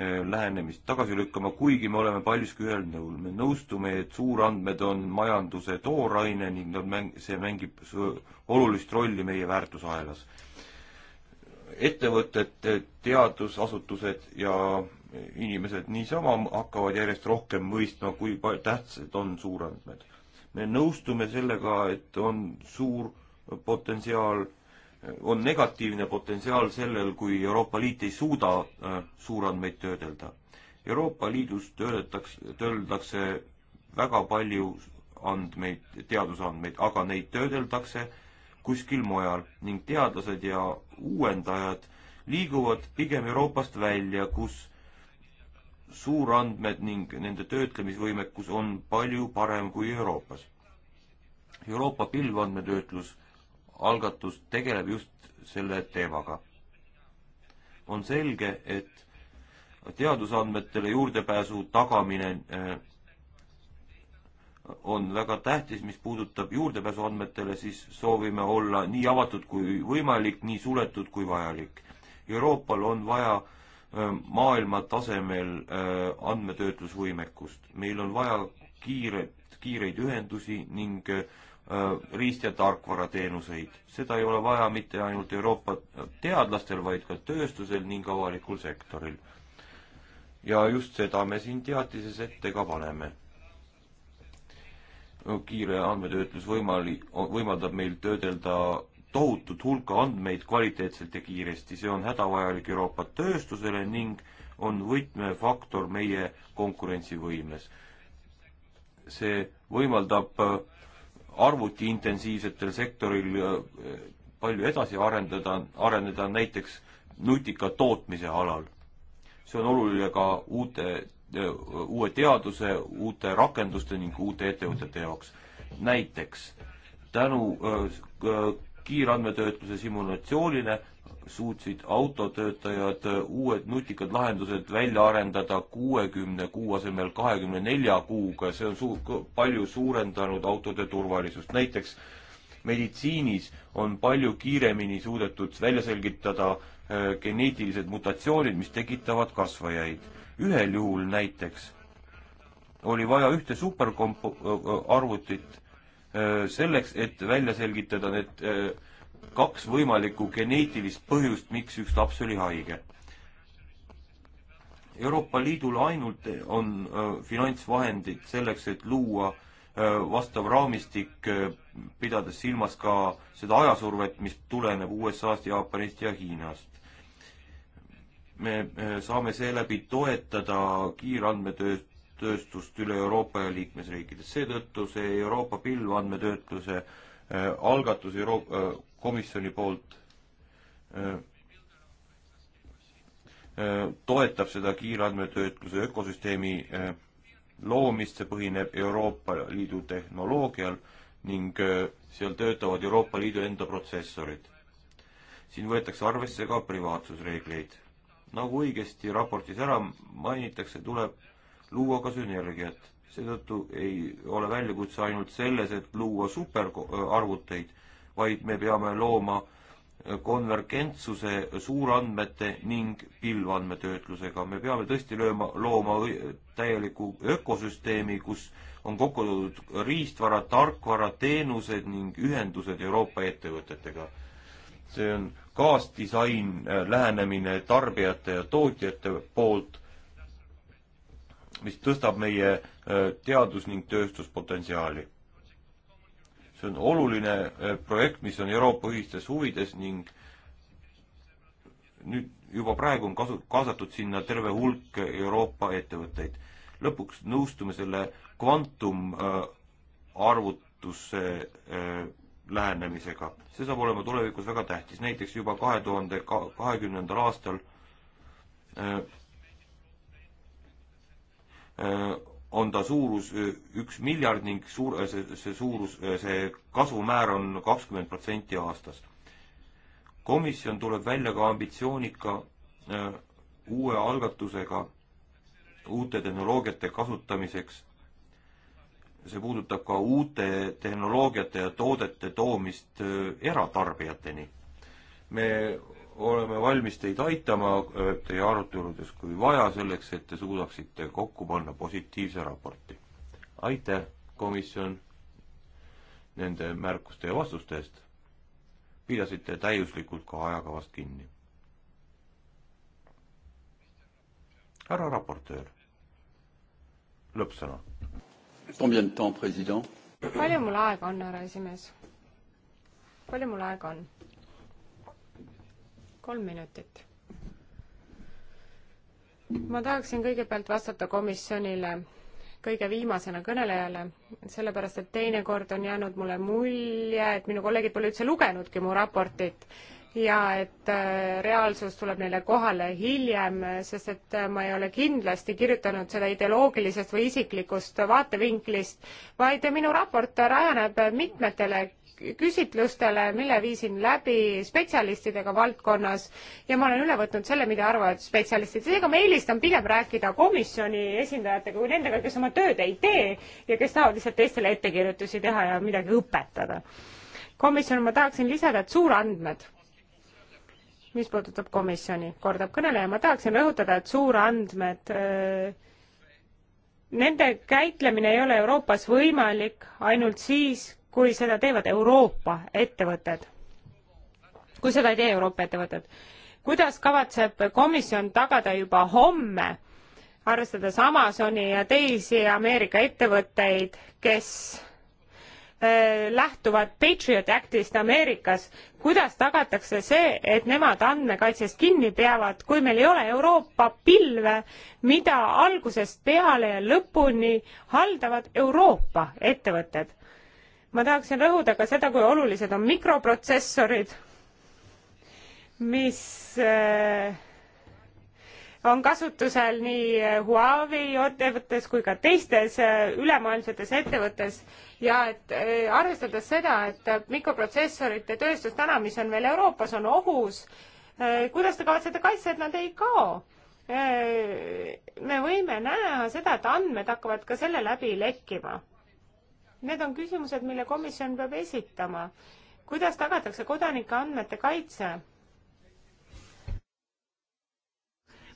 Äh, lähenemist tagasi lükkama, kuigi me oleme paljuski ühel nõul. me nõustume, et suurandmed on majanduse tooraine ning nad mäng-, see mängib olulist rolli meie väärtusahelas. ettevõtted, teadusasutused ja inimesed niisama hakkavad järjest rohkem mõistma, kui tähtsad on suurandmed. me nõustume sellega, et on suur potentsiaal on negatiivne potentsiaal sellel, kui Euroopa Liit ei suuda äh, suurandmeid töödelda. Euroopa Liidus töödetakse, töödeldakse väga palju andmeid, teadusandmeid, aga neid töödeldakse kuskil mujal ning teadlased ja uuendajad liiguvad pigem Euroopast välja, kus suurandmed ning nende töötlemisvõimekus on palju parem kui Euroopas. Euroopa pilvandmetöötlus algatus tegeleb just selle teemaga. on selge, et teadusandmetele juurdepääsu tagamine eh, on väga tähtis, mis puudutab juurdepääsu andmetele, siis soovime olla nii avatud kui võimalik, nii suletud kui vajalik. Euroopal on vaja eh, maailma tasemel eh, andmetöötlusvõimekust. meil on vaja kiiret, kiireid ühendusi ning äh, Äh, riist- ja tarkvarateenuseid. seda ei ole vaja mitte ainult Euroopa teadlastel, vaid ka tööstusel ning avalikul sektoril. ja just seda me siin teatises ette ka paneme. kiire andmetöötlus võimali-, võimaldab meil töödelda tohutut hulka andmeid kvaliteetselt ja kiiresti, see on hädavajalik Euroopa tööstusele ning on võtmefaktor meie konkurentsivõimes. see võimaldab äh, arvutiintensiivsetel sektoril äh, palju edasi arendada, areneda näiteks nutika tootmise alal. see on oluline ka uute, äh, uue teaduse, uute rakenduste ning uute ettevõtete jaoks. näiteks tänu äh, kiirandmetöötluse simulatsioonile suutsid autotöötajad uued nutikad lahendused välja arendada kuuekümne kuu asemel kahekümne nelja kuuga, see on suur, palju suurendanud autode turvalisust, näiteks meditsiinis on palju kiiremini suudetud välja selgitada äh, geneetilised mutatsioonid, mis tekitavad kasvajaid. ühel juhul näiteks oli vaja ühte superkomp-, äh, äh, arvutit selleks, et välja selgitada need kaks võimalikku geneetilist põhjust, miks üks laps oli haige. Euroopa Liidul ainult on äh, finantsvahendid selleks, et luua äh, vastav raamistik, äh, pidades silmas ka seda ajasurvet, mis tuleneb USA-st, Jaapanist ja Hiinast. me saame seeläbi toetada kiirandmetööstust üle Euroopa ja liikmesriikides, seetõttu see Euroopa pilvandmetöötluse algatus Euroopa komisjoni poolt äh, äh, toetab seda kiirandmetöötluse ökosüsteemi äh, loomist, see põhineb Euroopa Liidu tehnoloogial ning seal töötavad Euroopa Liidu enda protsessorid. siin võetakse arvesse ka privaatsusreegleid. nagu õigesti raportis ära mainitakse, tuleb luua ka sünergiat. seetõttu ei ole väljakutse ainult selles, et luua superarvuteid, vaid me peame looma konvergentsuse suurandmete ning pilvandmetöötlusega. me peame tõesti lööma, looma täieliku ökosüsteemi, kus on kokku toodud riistvarad, tarkvarad, teenused ning ühendused Euroopa ettevõtetega. see on kaasdisain äh, lähenemine tarbijate ja tootjate poolt, mis tõstab meie äh, teadus- ning tööstuspotentsiaali see on oluline äh, projekt, mis on Euroopa ühistes huvides ning nüüd juba praegu on kasu, kaasatud sinna terve hulk Euroopa ettevõtteid. lõpuks nõustume selle kvantumarvutuse äh, äh, lähenemisega. see saab olema tulevikus väga tähtis, näiteks juba kahe tuhande kahekümnendal aastal äh, äh, on ta suurus üks miljard ning suur, see, see suurus, see kasumäär on kakskümmend protsenti aastas. komisjon tuleb välja ka ambitsioonika uue algatusega uute tehnoloogiate kasutamiseks. see puudutab ka uute tehnoloogiate ja toodete toomist eratarbijateni. me oleme valmis teid aitama teie aruteludes, kui vaja, selleks et te suudaksite kokku panna positiivse raporti. aitäh, komisjon, nende märkuste ja vastuste eest. pidasite täiuslikult ka ajakavast kinni. härra raportöör, lõppsõna. palju mul aega on, härra esimees? palju mul aega on? kolm minutit. ma tahaksin kõigepealt vastata komisjonile kõige viimasena kõnelejale, sellepärast et teinekord on jäänud mulle mulje, et minu kolleegid pole üldse lugenudki mu raportit ja et äh, reaalsus tuleb neile kohale hiljem, sest et äh, ma ei ole kindlasti kirjutanud seda ideoloogilisest või isiklikust vaatevinklist, vaid minu raport rajaneb mitmetele küsitlustele, mille viisin läbi spetsialistidega valdkonnas ja ma olen üle võtnud selle, mida arvavad spetsialistid. seega ma eelistan pigem rääkida komisjoni esindajatega kui nendega, kes oma tööd ei tee ja kes tahavad lihtsalt teistele ettekirjutusi teha ja midagi õpetada. komisjon, ma tahaksin lisada, et suurandmed mis puudutab komisjoni, kordab kõneleja, ma tahaksin rõhutada, et suurandmed öö, nende käitlemine ei ole Euroopas võimalik ainult siis, kui seda teevad Euroopa ettevõtted, kui seda ei tee Euroopa ettevõtted. kuidas kavatseb komisjon tagada juba homme, arvestades Amazoni ja teisi Ameerika ettevõtteid, kes äh, lähtuvad Patriot Actist Ameerikas, kuidas tagatakse see, et nemad andmekaitsest kinni peavad, kui meil ei ole Euroopa pilve, mida algusest peale ja lõpuni haldavad Euroopa ettevõtted? ma tahaksin rõhuda ka seda, kui olulised on mikroprotsessorid, mis äh, on kasutusel nii Huawei ettevõttes kui ka teistes äh, ülemaailmsetes ettevõttes ja et äh, arvestades seda, et mikroprotsessorite tööstus täna, mis on veel Euroopas, on ohus, kuidas te kavatsete kaitsta, et nad ei kao? me võime näha seda, et andmed hakkavad ka selle läbi lekkima Need on küsimused, mille komisjon peab esitama. kuidas tagatakse kodanike andmete kaitse?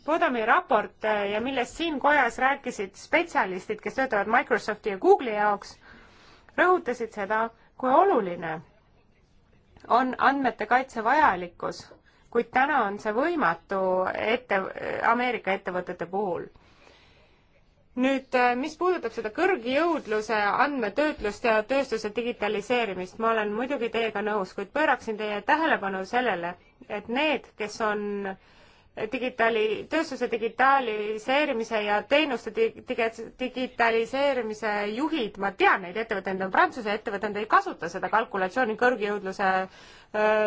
Podami raport äh, ja millest siin kojas rääkisid spetsialistid, kes töötavad Microsofti ja Google'i jaoks, rõhutasid seda, kui oluline on andmete kaitse vajalikkus, kuid täna on see võimatu ette, Ameerika ettevõtete puhul nüüd, äh, mis puudutab seda kõrgjõudluse andmetöötlust ja tööstuse digitaliseerimist, ma olen muidugi teiega nõus, kuid pööraksin teie tähelepanu sellele, et need, kes on digitaali, tööstuse digitaliseerimise ja teenuste digi-, digitaliseerimise juhid, ma tean neid ettevõtteid, on Prantsuse ettevõtted, ei kasuta seda kalkulatsiooni, kõrgjõudluse äh,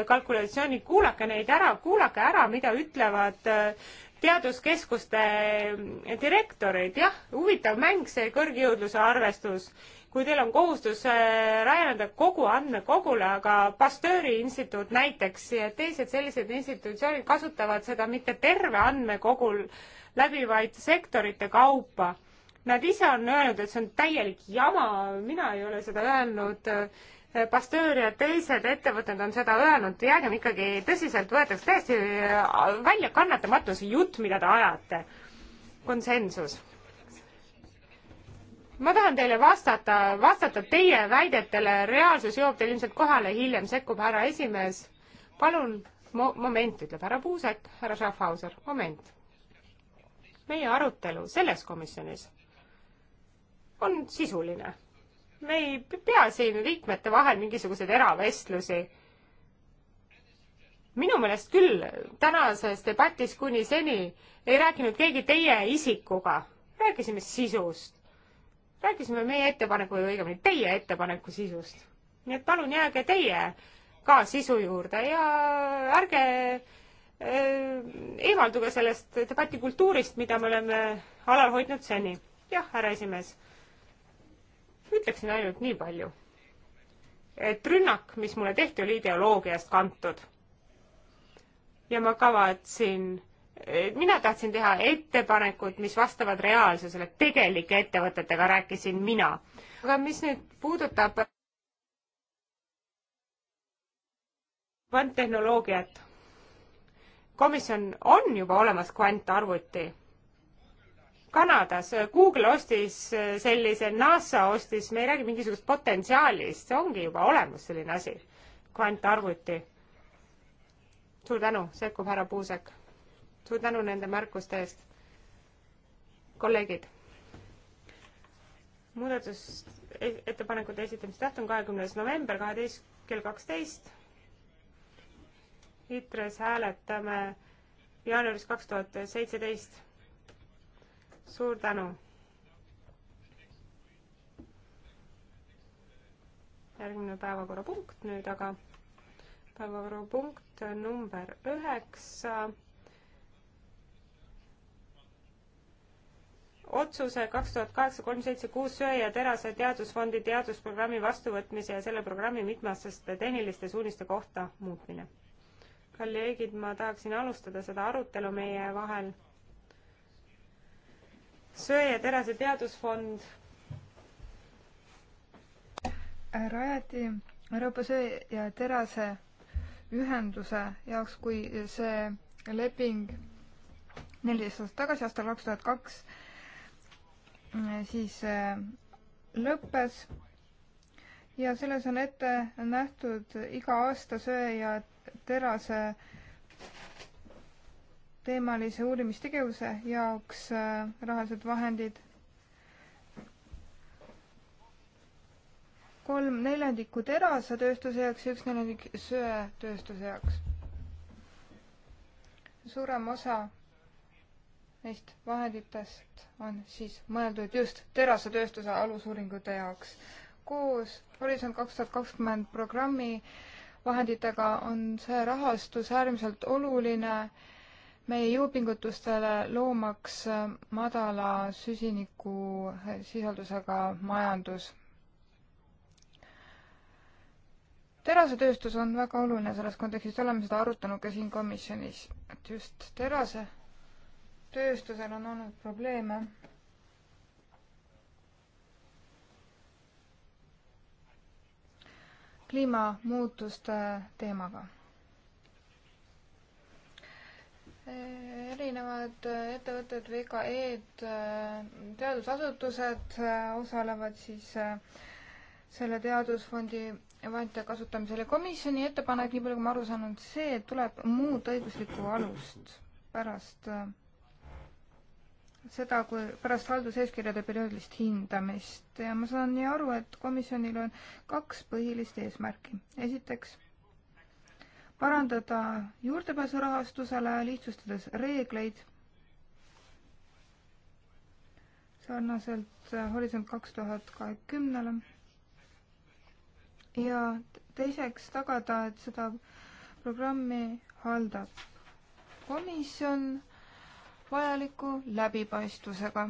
kalkulatsiooni, kuulake neid ära, kuulake ära, mida ütlevad äh, teaduskeskuste direktoreid, jah, huvitav mäng, see kõrgjõudluse arvestus, kui teil on kohustus äh, rajaneda kogu andmekogule, aga Pasteuri instituut näiteks ja teised sellised institutsioonid kasutavad seda mitte terve andmekogul läbi, vaid sektorite kaupa. Nad ise on öelnud, et see on täielik jama, mina ei ole seda öelnud Pasteur ja teised ettevõtted on seda öelnud, jäägem ikkagi tõsiseltvõetavaks, täiesti äh, väljakannatamatu see jutt, mida te ajate. konsensus. ma tahan teile vastata, vastata teie väidetele, reaalsus jõuab teil ilmselt kohale hiljem, sekkub härra esimees. palun mo-, moment, ütleb härra Puusek, härra Schaffhauser, moment. meie arutelu selles komisjonis on sisuline me ei pea siin liikmete vahel mingisuguseid eravestlusi. minu meelest küll tänases debatis kuni seni ei rääkinud keegi teie isikuga, rääkisime sisust. rääkisime meie ettepaneku või õigemini teie ettepaneku sisust. nii et palun jääge teie ka sisu juurde ja ärge äh, eemalduge sellest debati kultuurist, mida me oleme alal hoidnud seni. jah, härra esimees ütleksin ainult nii palju, et rünnak, mis mulle tehti, oli ideoloogiast kantud. ja ma kavatsin, mina tahtsin teha ettepanekud, mis vastavad reaalsusele, tegelike ettevõtetega rääkisin mina. aga mis nüüd puudutab kvanttehnoloogiat, komisjon on juba olemas kvantarvuti Kanadas, Google ostis sellise, NASA ostis, me ei räägi mingisugust potentsiaalist, see ongi juba olemas selline asi, kvantarvuti. suur tänu, sekkub härra Puusek. suur tänu nende märkuste eest. kolleegid, muudatusettepanekute esitamise täht on kahekümnes november kaheteist kell kaksteist. ITRE-s hääletame jaanuaris kaks tuhat seitseteist suur tänu. järgmine päevakorrapunkt nüüd aga, päevakorrapunkt number üheksa. otsuse kaks tuhat kaheksa kolm seitse kuus söe ja terase teadusfondi teadusprogrammi vastuvõtmise ja selle programmi mitmeaastaste tehniliste suuniste kohta muutmine. kolleegid, ma tahaksin alustada seda arutelu meie vahel söe ja terase teadusfond rajati Euroopa söe ja terase ühenduse jaoks, kui see leping neliteist aastat tagasi, aastal kaks tuhat kaks, siis äh, lõppes ja selles on ette nähtud iga aasta söe ja terase teemalise uurimistegevuse jaoks äh, rahalised vahendid. kolm neljandikku terasetööstuse jaoks ja üks neljandik söetööstuse jaoks. suurem osa neist vahenditest on siis mõeldud just terasetööstuse alusuuringute jaoks. koos Horisont kaks tuhat kakskümmend programmi vahenditega on see rahastus äärmiselt oluline äh, meie jõupingutustele loomaks madala süsinikusisaldusega majandus. terasetööstus on väga oluline selles kontekstis, oleme seda arutanud ka siin komisjonis, et just terasetööstusel on olnud probleeme kliimamuutuste teemaga erinevad äh, ettevõtted, VKE-d, äh, teadusasutused äh, osalevad siis selle teadusfondi vahendite kasutamisel ja komisjoni ettepanek, nii palju kui ma aru saan, on see, et tuleb muud õiguslikku alust pärast seda, kui pärast halduseeskirjade perioodilist hindamist ja ma saan nii aru, et komisjonil on kaks põhilist eesmärki. esiteks parandada juurdepääsu rahastusele, lihtsustades reegleid sarnaselt äh, Horisont kaks tuhat kahekümnele. ja teiseks tagada, et seda programmi haldab komisjon vajaliku läbipaistvusega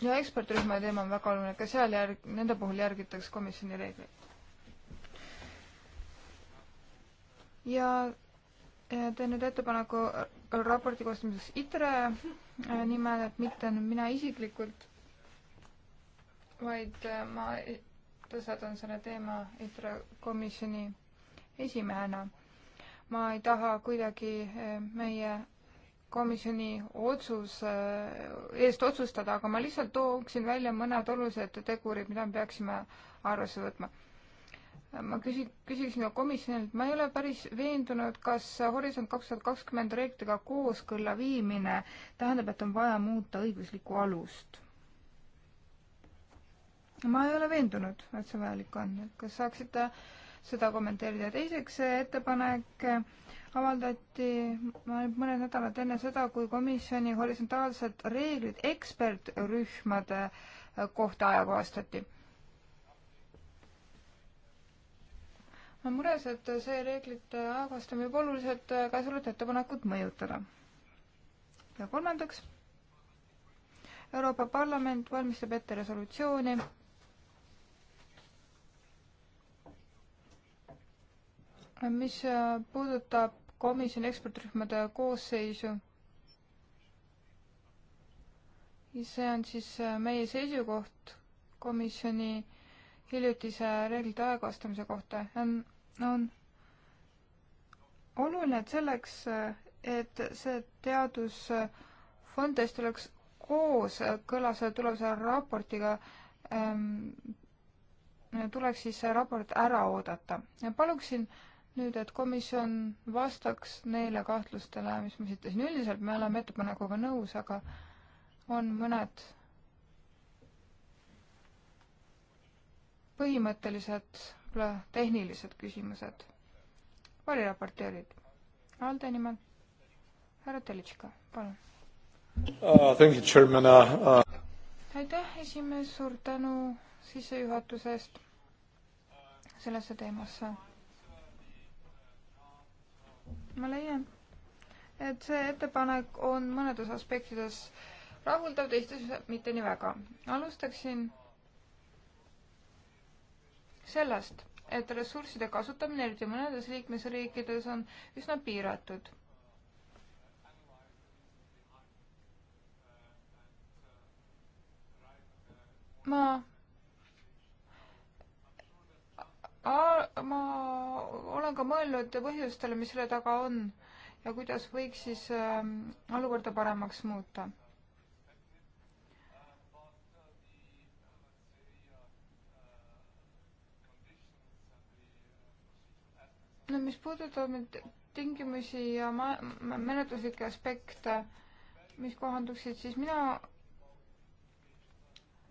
ja ekspertrühma teema on väga oluline, ka seal järg, nende puhul järgitakse komisjoni reegleid. ja teen nüüd ettepaneku raporti koostamiseks ITRE äh, nimel, et mitte mina isiklikult, vaid äh, ma tõstatan selle teema ITRE komisjoni esimehena. ma ei taha kuidagi äh, meie komisjoni otsus, eest otsustada, aga ma lihtsalt tooksin välja mõned olulised tegurid, mida me peaksime arvesse võtma. ma küsi-, küsiksin ka komisjonilt, ma ei ole päris veendunud, kas Horisont kaks tuhat kakskümmend reeglitega kooskõlla viimine tähendab, et on vaja muuta õiguslikku alust. ma ei ole veendunud, et see vajalik on, et kas saaksite seda kommenteerida, teiseks ettepanek avaldati mõned nädalad enne seda, kui komisjoni horisontaalsed reeglid ekspertrühmade kohta ajakohastati. ma olen mures, et see reeglite ajakohastamine võib oluliselt käesolevat ettepanekut mõjutada. ja kolmandaks, Euroopa Parlament valmistab ette resolutsiooni mis puudutab komisjoni ekspertrühmade koosseisu. see on siis äh, meie seisukoht komisjoni hiljutise reeglite ajakohastamise kohta. on, on oluline, et selleks, äh, et see teadusfond tõesti oleks koos äh, kõlas tulevase raportiga ähm, tuleks siis see raport ära oodata. paluksin äh, nüüd, et komisjon vastaks neile kahtlustele, mis ma esitasin. üldiselt me oleme ettepanekuga nõus, aga on mõned põhimõttelised, võib-olla tehnilised küsimused. variraporteerid. Alde nimel. härra Telitška, palun uh,. Thank you, chairman uh,. Uh... aitäh, esimees, suur tänu sissejuhatuse eest sellesse teemasse ma leian, et see ettepanek on mõnedes aspektides rahuldav, teistes mitte nii väga. alustaksin sellest, et ressursside kasutamine, eriti mõnedes liikmesriikides, on üsna piiratud. ma ma olen ka mõelnud põhjustele, mis selle taga on ja kuidas võiks siis ähm, olukorda paremaks muuta. no mis puudutab nüüd tingimusi ja ma-, menetluslikke aspekte, mis kohanduksid, siis mina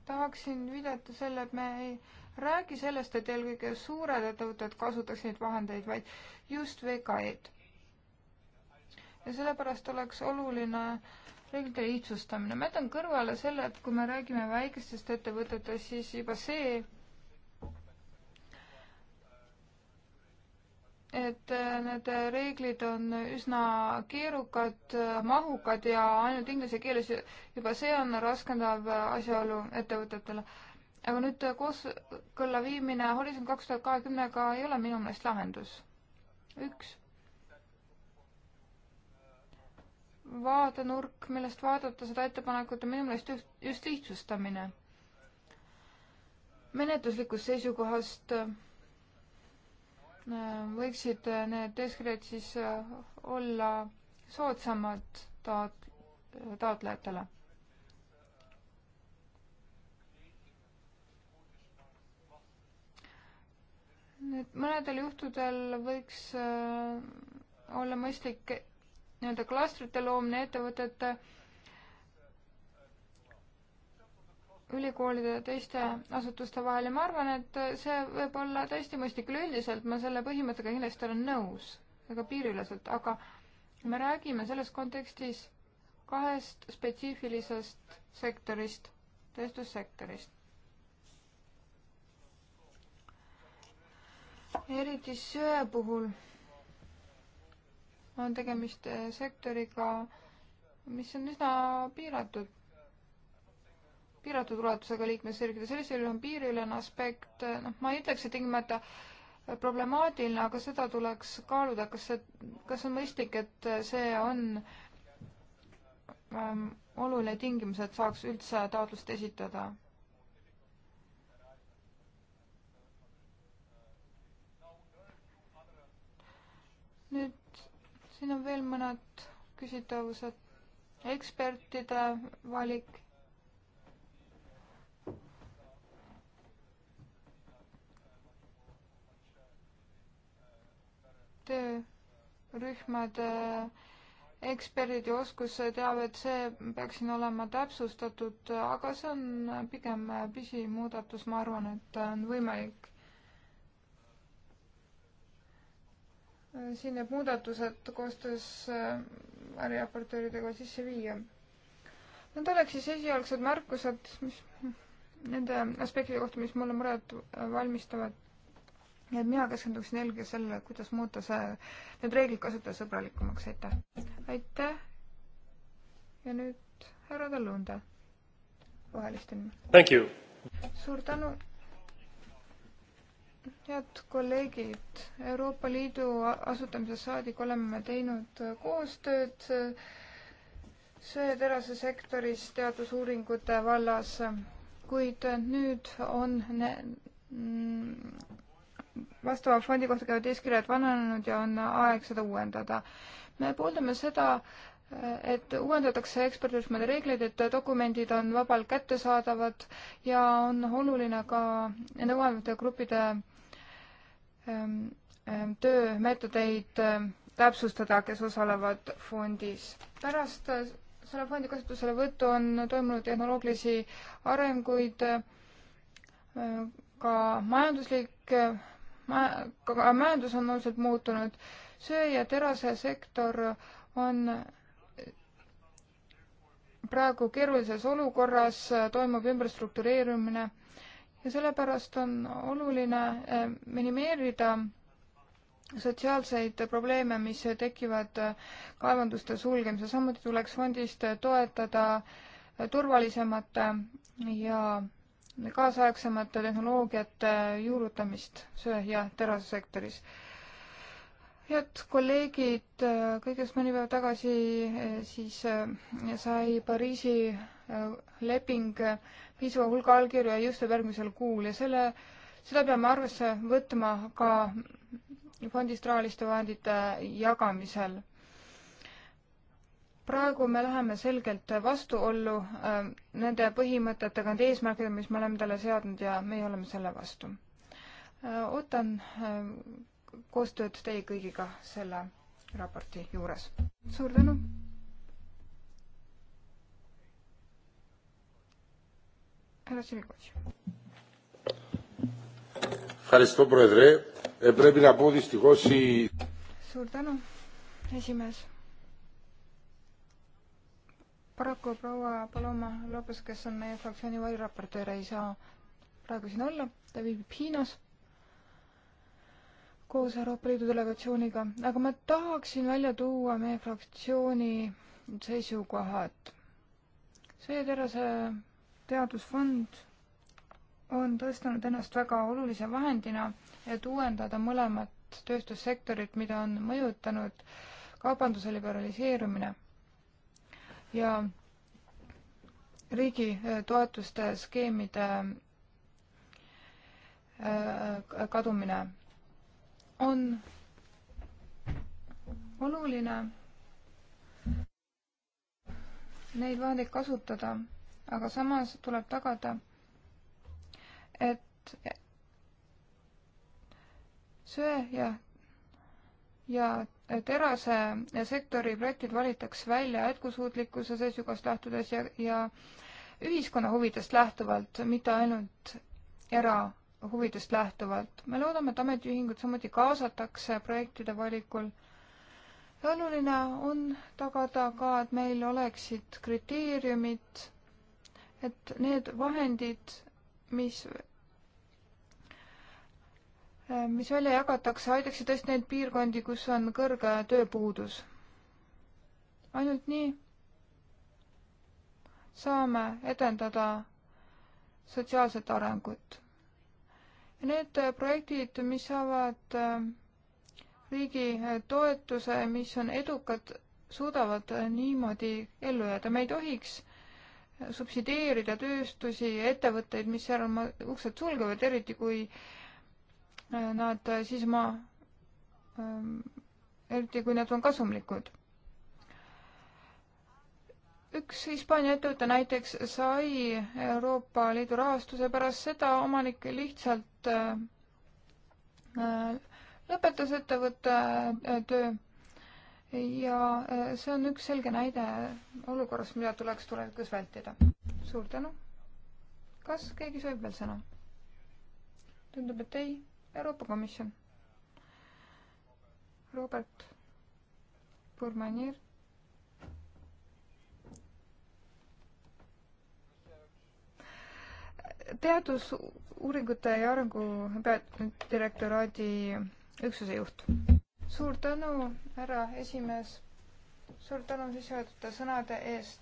tahaksin viidata selle, et me ei räägi sellest, et eelkõige suured ettevõtted kasutaks neid vahendeid, vaid just VKE-d. ja sellepärast oleks oluline reeglite lihtsustamine. ma jätan kõrvale selle, et kui me räägime väikestest ettevõtetest, siis juba see, et need reeglid on üsna keerukad, mahukad ja ainult inglise keeles juba see on raskendav asjaolu ettevõtetele aga nüüd äh, kooskõlla viimine Horisont kaks tuhat kahekümnega ei ole minu meelest lahendus. üks vaadenurk, millest vaadata seda ettepanekut, on minu meelest just, just lihtsustamine. menetluslikust seisukohast äh, võiksid äh, need eeskirjad siis olla soodsamad taot-, taotlejatele nüüd mõnedel juhtudel võiks äh, olla mõistlik nii-öelda klastrite loomine ettevõtete ülikoolide ja teiste asutuste vahel ja ma arvan, et see võib olla täiesti mõistlik. üleüldiselt ma selle põhimõttega kindlasti olen nõus, väga piiriüleselt, aga me räägime selles kontekstis kahest spetsiifilisest sektorist, tööstussektorist eriti söe puhul on tegemist eh, sektoriga, mis on üsna piiratud, piiratud ulatusega liikmesriikides, sellisel juhul on piiriülene aspekt, eh, noh, ma ei ütleks, et tingimata problemaatiline, aga seda tuleks kaaluda, kas see, kas on mõistlik, et eh, see on ähm, oluline tingimus, et saaks üldse taotlust esitada nüüd siin on veel mõned küsitavused. ekspertide valik. töörühmade eksperdid ja oskusteavet, see peaks siin olema täpsustatud, aga see on pigem pisimuudatus, ma arvan, et on võimalik siin need muudatused koostöös äriraportööridega äh, sisse viia. Need oleks siis esialgsed märkused, mis nende aspektide kohta, mis mulle muret valmistavad. nii et mina keskenduksin eelkõige sellele, kuidas muuta see, need reeglid kasutajasõbralikumaks, aitäh. aitäh. ja nüüd härra Tallunde roheliste nimel. suur tänu head kolleegid, Euroopa Liidu asutamisest saadik oleme me teinud koostööd söeterase sektoris teadusuuringute vallas, kuid nüüd on vastava fondi kohta käivad eeskirjad vananenud ja on aeg seda uuendada. me pooldame seda, et uuendatakse eksperdirühmade reegleid, et dokumendid on vabalt kättesaadavad ja on oluline ka nõuandvate gruppide Ähm, ähm, töömeetodeid ähm, täpsustada, kes osalevad fondis. pärast äh, selle fondi kasutuselevõttu on toimunud tehnoloogilisi arenguid, äh, ka majanduslik, äh, ka majandus on oluliselt muutunud. söe- ja terasesektor on praegu keerulises olukorras, toimub ümberstruktureerimine ja sellepärast on oluline eh, minimeerida sotsiaalseid probleeme, mis tekivad eh, kaevanduste sulgemisel, samuti tuleks fondist toetada eh, turvalisemate ja kaasaegsemate tehnoloogiate juurutamist söe- ja terasesektoris. head kolleegid, kõigest mõni päev tagasi siis sai Pariisi leping piisava hulga allkirju ja jõustub järgmisel kuul ja selle, seda peame arvesse võtma ka fondist rahaliste vahendite jagamisel. praegu me läheme selgelt vastuollu äh, nende põhimõtetega, nende eesmärkidega, mis me oleme talle seadnud ja meie oleme selle vastu äh,. ootan äh, koostööd teie kõigiga selle raporti juures. suur tänu! härra Tšekovitš. suur tänu, esimees paraku proua Paloma Lopes, kes on meie fraktsiooni valiraportöör, ei saa praegu siin olla, ta viibib Hiinas koos Euroopa Liidu delegatsiooniga, aga ma tahaksin välja tuua meie fraktsiooni seisukohad. sööterase teadusfond on tõstanud ennast väga olulise vahendina, et uuendada mõlemat tööstussektorit, mida on mõjutanud kaubanduse liberaliseerumine ja riigi äh, toetuste skeemide äh, kadumine on oluline neid vahendeid kasutada aga samas tuleb tagada, et söe ja, ja terasesektori projektid valitaks välja jätkusuutlikkuse seisukohast lähtudes ja, ja ühiskonna huvidest lähtuvalt, mitte ainult erahuvidest lähtuvalt. me loodame, et ametiühingud samuti kaasatakse projektide valikul. ja oluline on tagada ka, et meil oleksid kriteeriumid et need vahendid, mis mis välja jagatakse, aitaksid tõesti neid piirkondi, kus on kõrge tööpuudus. ainult nii saame edendada sotsiaalset arengut. ja need projektid, mis saavad äh, riigi äh, toetuse, mis on edukad, suudavad äh, niimoodi ellu jääda. me ei tohiks subsideerida tööstusi ja ettevõtteid, mis seal oma uksed sulgevad, eriti kui äh, nad äh, siis oma, ähm, eriti kui nad on kasumlikud. üks Hispaania ettevõte näiteks sai Euroopa Liidu rahastuse, pärast seda omanik lihtsalt äh, lõpetas ettevõtte töö ja äh, see on üks selge näide olukorrast, mida tuleks tulevikus vältida. suur tänu. kas keegi soovib veel sõna? tundub, et ei. Euroopa Komisjon. Robert Burmanier. teadusuuringute ja arengu direktoraadi üksuse juht suur tänu, härra esimees. suur tänu sissejuhatute sõnade eest.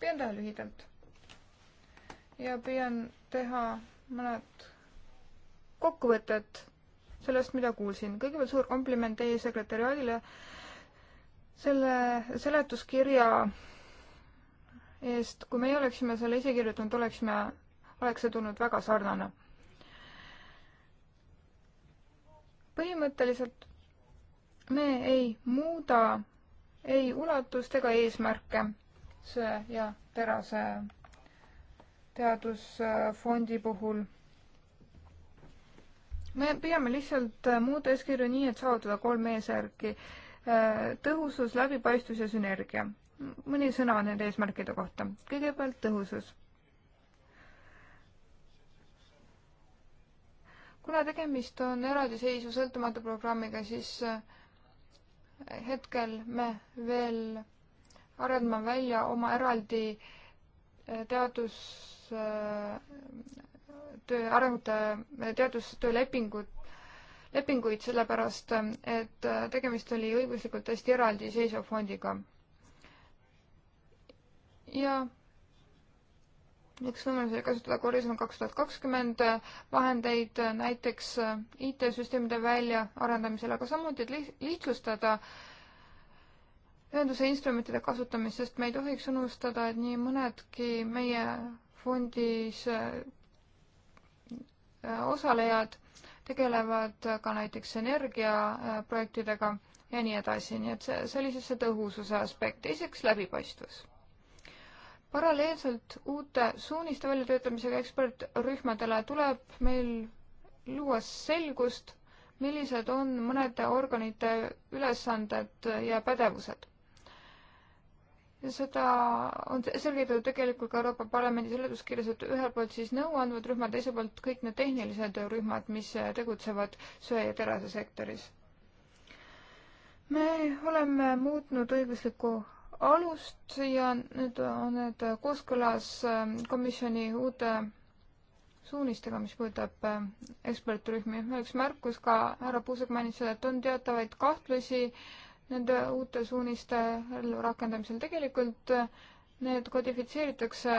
püüan teha lühidalt ja püüan teha mõned kokkuvõtted sellest, mida kuulsin. kõigepealt suur kompliment teie sekretäriaadile selle seletuskirja eest. kui meie oleksime selle ise kirjutanud, oleksime, oleks see tulnud väga sarnane põhimõtteliselt me ei muuda ei ulatust ega eesmärke söe ja terase teadusfondi puhul. me püüame lihtsalt muuta eeskirju nii, et saavutada kolm eesmärki. tõhusus, läbipaistvus ja sünergia. mõni sõna nende eesmärkide kohta. kõigepealt tõhusus kuna tegemist on eraldiseisva sõltumatu programmiga, siis äh, hetkel me veel arendame välja oma eraldi äh, teadustöö äh, arengute, teadustöö lepingut, lepinguid, sellepärast et tegemist oli õiguslikult täiesti eraldiseisva fondiga. ja üks võimalus oli kasutada Horisont kaks tuhat kakskümmend vahendeid äh, näiteks äh, IT-süsteemide väljaarendamisel, aga samuti, et lihtsustada ühenduse instrumentide kasutamist, sest me ei tohiks unustada, et nii mõnedki meie fondis äh, osalejad tegelevad ka näiteks energiaprojektidega ja nii edasi, nii et see, see oli siis see tõhususe aspekt. teiseks läbipaistvus paralleelselt uute suuniste väljatöötamisega ekspertrühmadele tuleb meil luua selgust, millised on mõnede organite ülesanded ja pädevused. ja seda on selgitatud tegelikult ka Euroopa Parlamendi seletuskirjas, et ühelt poolt siis nõuandvad rühmad, teiselt poolt kõik need tehnilised rühmad, mis tegutsevad söe- ja terasesektoris. me oleme muutnud õiguslikku alust ja nüüd on need kooskõlas ähm, komisjoni uute suunistega, mis puudutab äh, ekspertrühmi. üks märkus ka, härra Puusek mainis seda, et on teatavaid kahtlusi nende uute suuniste rakendamisel. tegelikult äh, need kodifitseeritakse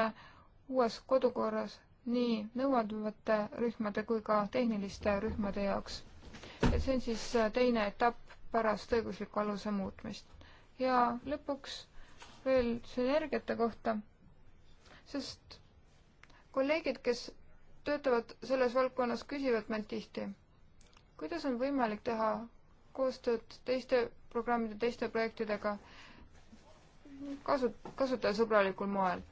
uues kodukorras nii nõuandvate rühmade kui ka tehniliste rühmade jaoks. et see on siis äh, teine etapp pärast õigusliku aluse muutmist. ja lõpuks veel sünergiate kohta, sest kolleegid, kes töötavad selles valdkonnas, küsivad meilt tihti, kuidas on võimalik teha koostööd teiste programmide, teiste projektidega kasu, kasutajasõbralikul moel.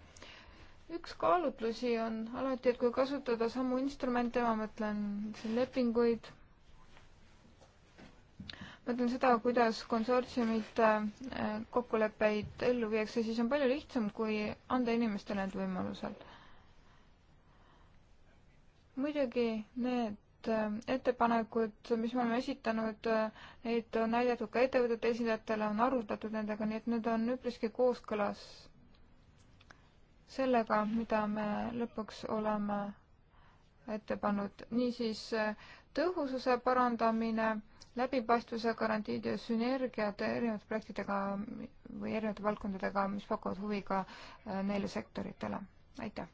üks kaalutlusi on alati, et kui kasutada samu instrumente, ma mõtlen siin lepinguid mõtlen seda, kuidas konsortsiumite äh, kokkuleppeid ellu viiakse, siis on palju lihtsam, kui anda inimestele need võimalused. muidugi need äh, ettepanekud, mis me oleme esitanud, äh, neid on näidatud ka ettevõtete esindajatele, on arutatud nendega, nii et need on üpriski kooskõlas sellega, mida me lõpuks oleme ette pannud. niisiis tõhususe parandamine läbipaistvuse garantiid ja sünergiad erinevate projektidega või erinevate valdkondadega, mis pakuvad huvi ka äh, neile sektoritele. aitäh!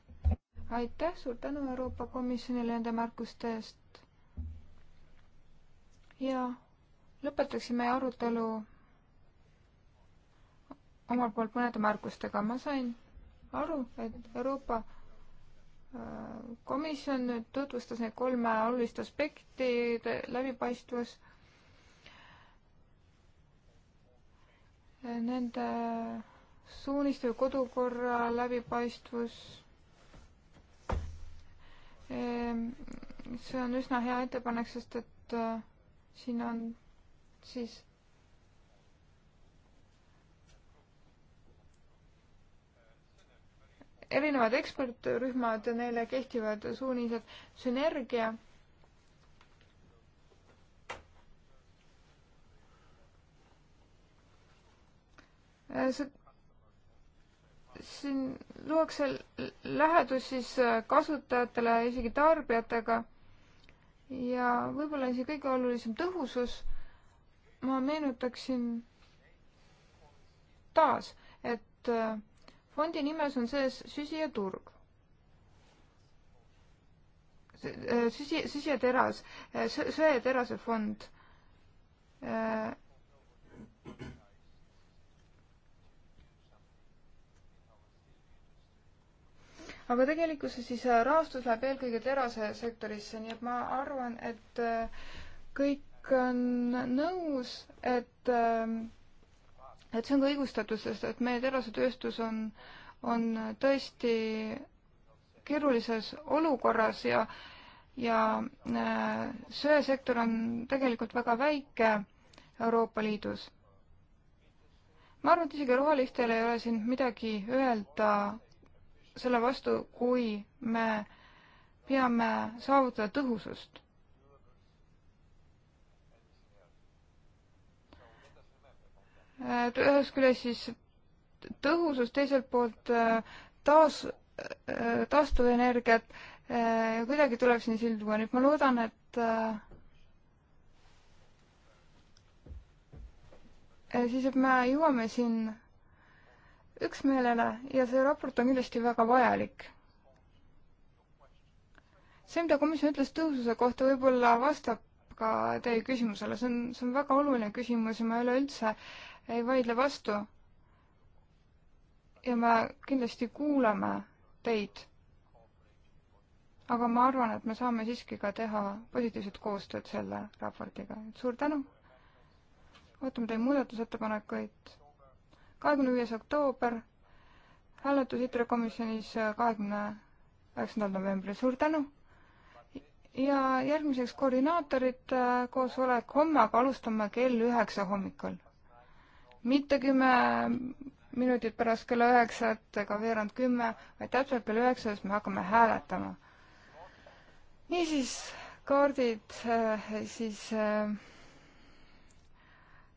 aitäh, suur tänu Euroopa Komisjonile nende märkuste eest ja lõpetaksime arutelu omalt poolt mõnede märkustega. ma sain aru, et Euroopa äh, Komisjon nüüd tutvustas neid kolme olulist aspekti, läbipaistvus nende suuniste või kodukorra läbipaistvus. Ehm, see on üsna hea ettepanek, sest et äh, siin on siis erinevad ekspertrühmad, neile kehtivad suunised, sünergia Äh, see, siin luuakse lähedus siis äh, kasutajatele, isegi tarbijatega ja võib-olla isegi kõige olulisem tõhusus. ma meenutaksin taas, et äh, fondi nimes on sees süsijaturg. süsi, süsijateras, söeterase fond aga tegelikkuses siis äh, rahastus läheb eelkõige terasesektorisse, nii et ma arvan, et äh, kõik on nõus, et, äh, et see on ka õigustatud, sest et meie terasetööstus on, on tõesti keerulises olukorras ja, ja söesektor on tegelikult väga väike Euroopa Liidus. ma arvan, et isegi rohelistele ei ole siin midagi öelda selle vastu, kui me peame saavutada tõhusust. et ühest küljest siis tõhusus, teiselt poolt äh, taas, äh, taastuvenergiat, äh, kuidagi tuleb siin sild tuua, nüüd ma loodan, et siis, et me jõuame siin üksmeelele ja see raport on kindlasti väga vajalik. see, mida komisjon ütles tõhususe kohta, võib-olla vastab ka teie küsimusele, see on, see on väga oluline küsimus ja ma üleüldse ei vaidle vastu. ja me kindlasti kuulame teid. aga ma arvan, et me saame siiski ka teha positiivset koostööd selle raportiga, et suur tänu. ootame teie muudatusettepanekuid kahekümne viies oktoober, hääletus ITRE komisjonis kahekümne üheksandal novembril, suur tänu! ja järgmiseks koordinaatorite koosolek homme, aga alustame kell üheksa hommikul. mitte kümme minutit pärast kella üheksat ega veerand kümme, vaid täpselt kell üheksa, sest me hakkame hääletama. niisiis, kaardid äh, siis äh,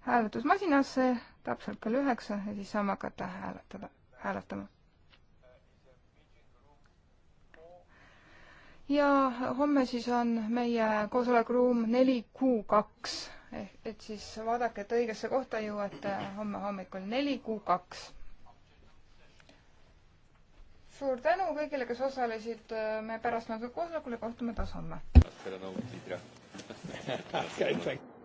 hääletusmasinasse äh, täpselt kell üheksa ja siis saame hakata hääletada, hääletama. ja homme siis on meie koosolekuruum neli kuu kaks, ehk et siis vaadake, et õigesse kohta jõuate homme hommikul neli kuu kaks. suur tänu kõigile, kes osalesid, me pärastlõunasel koosolekul kohtume taas homme. tere, Nõukogude Liit, jah.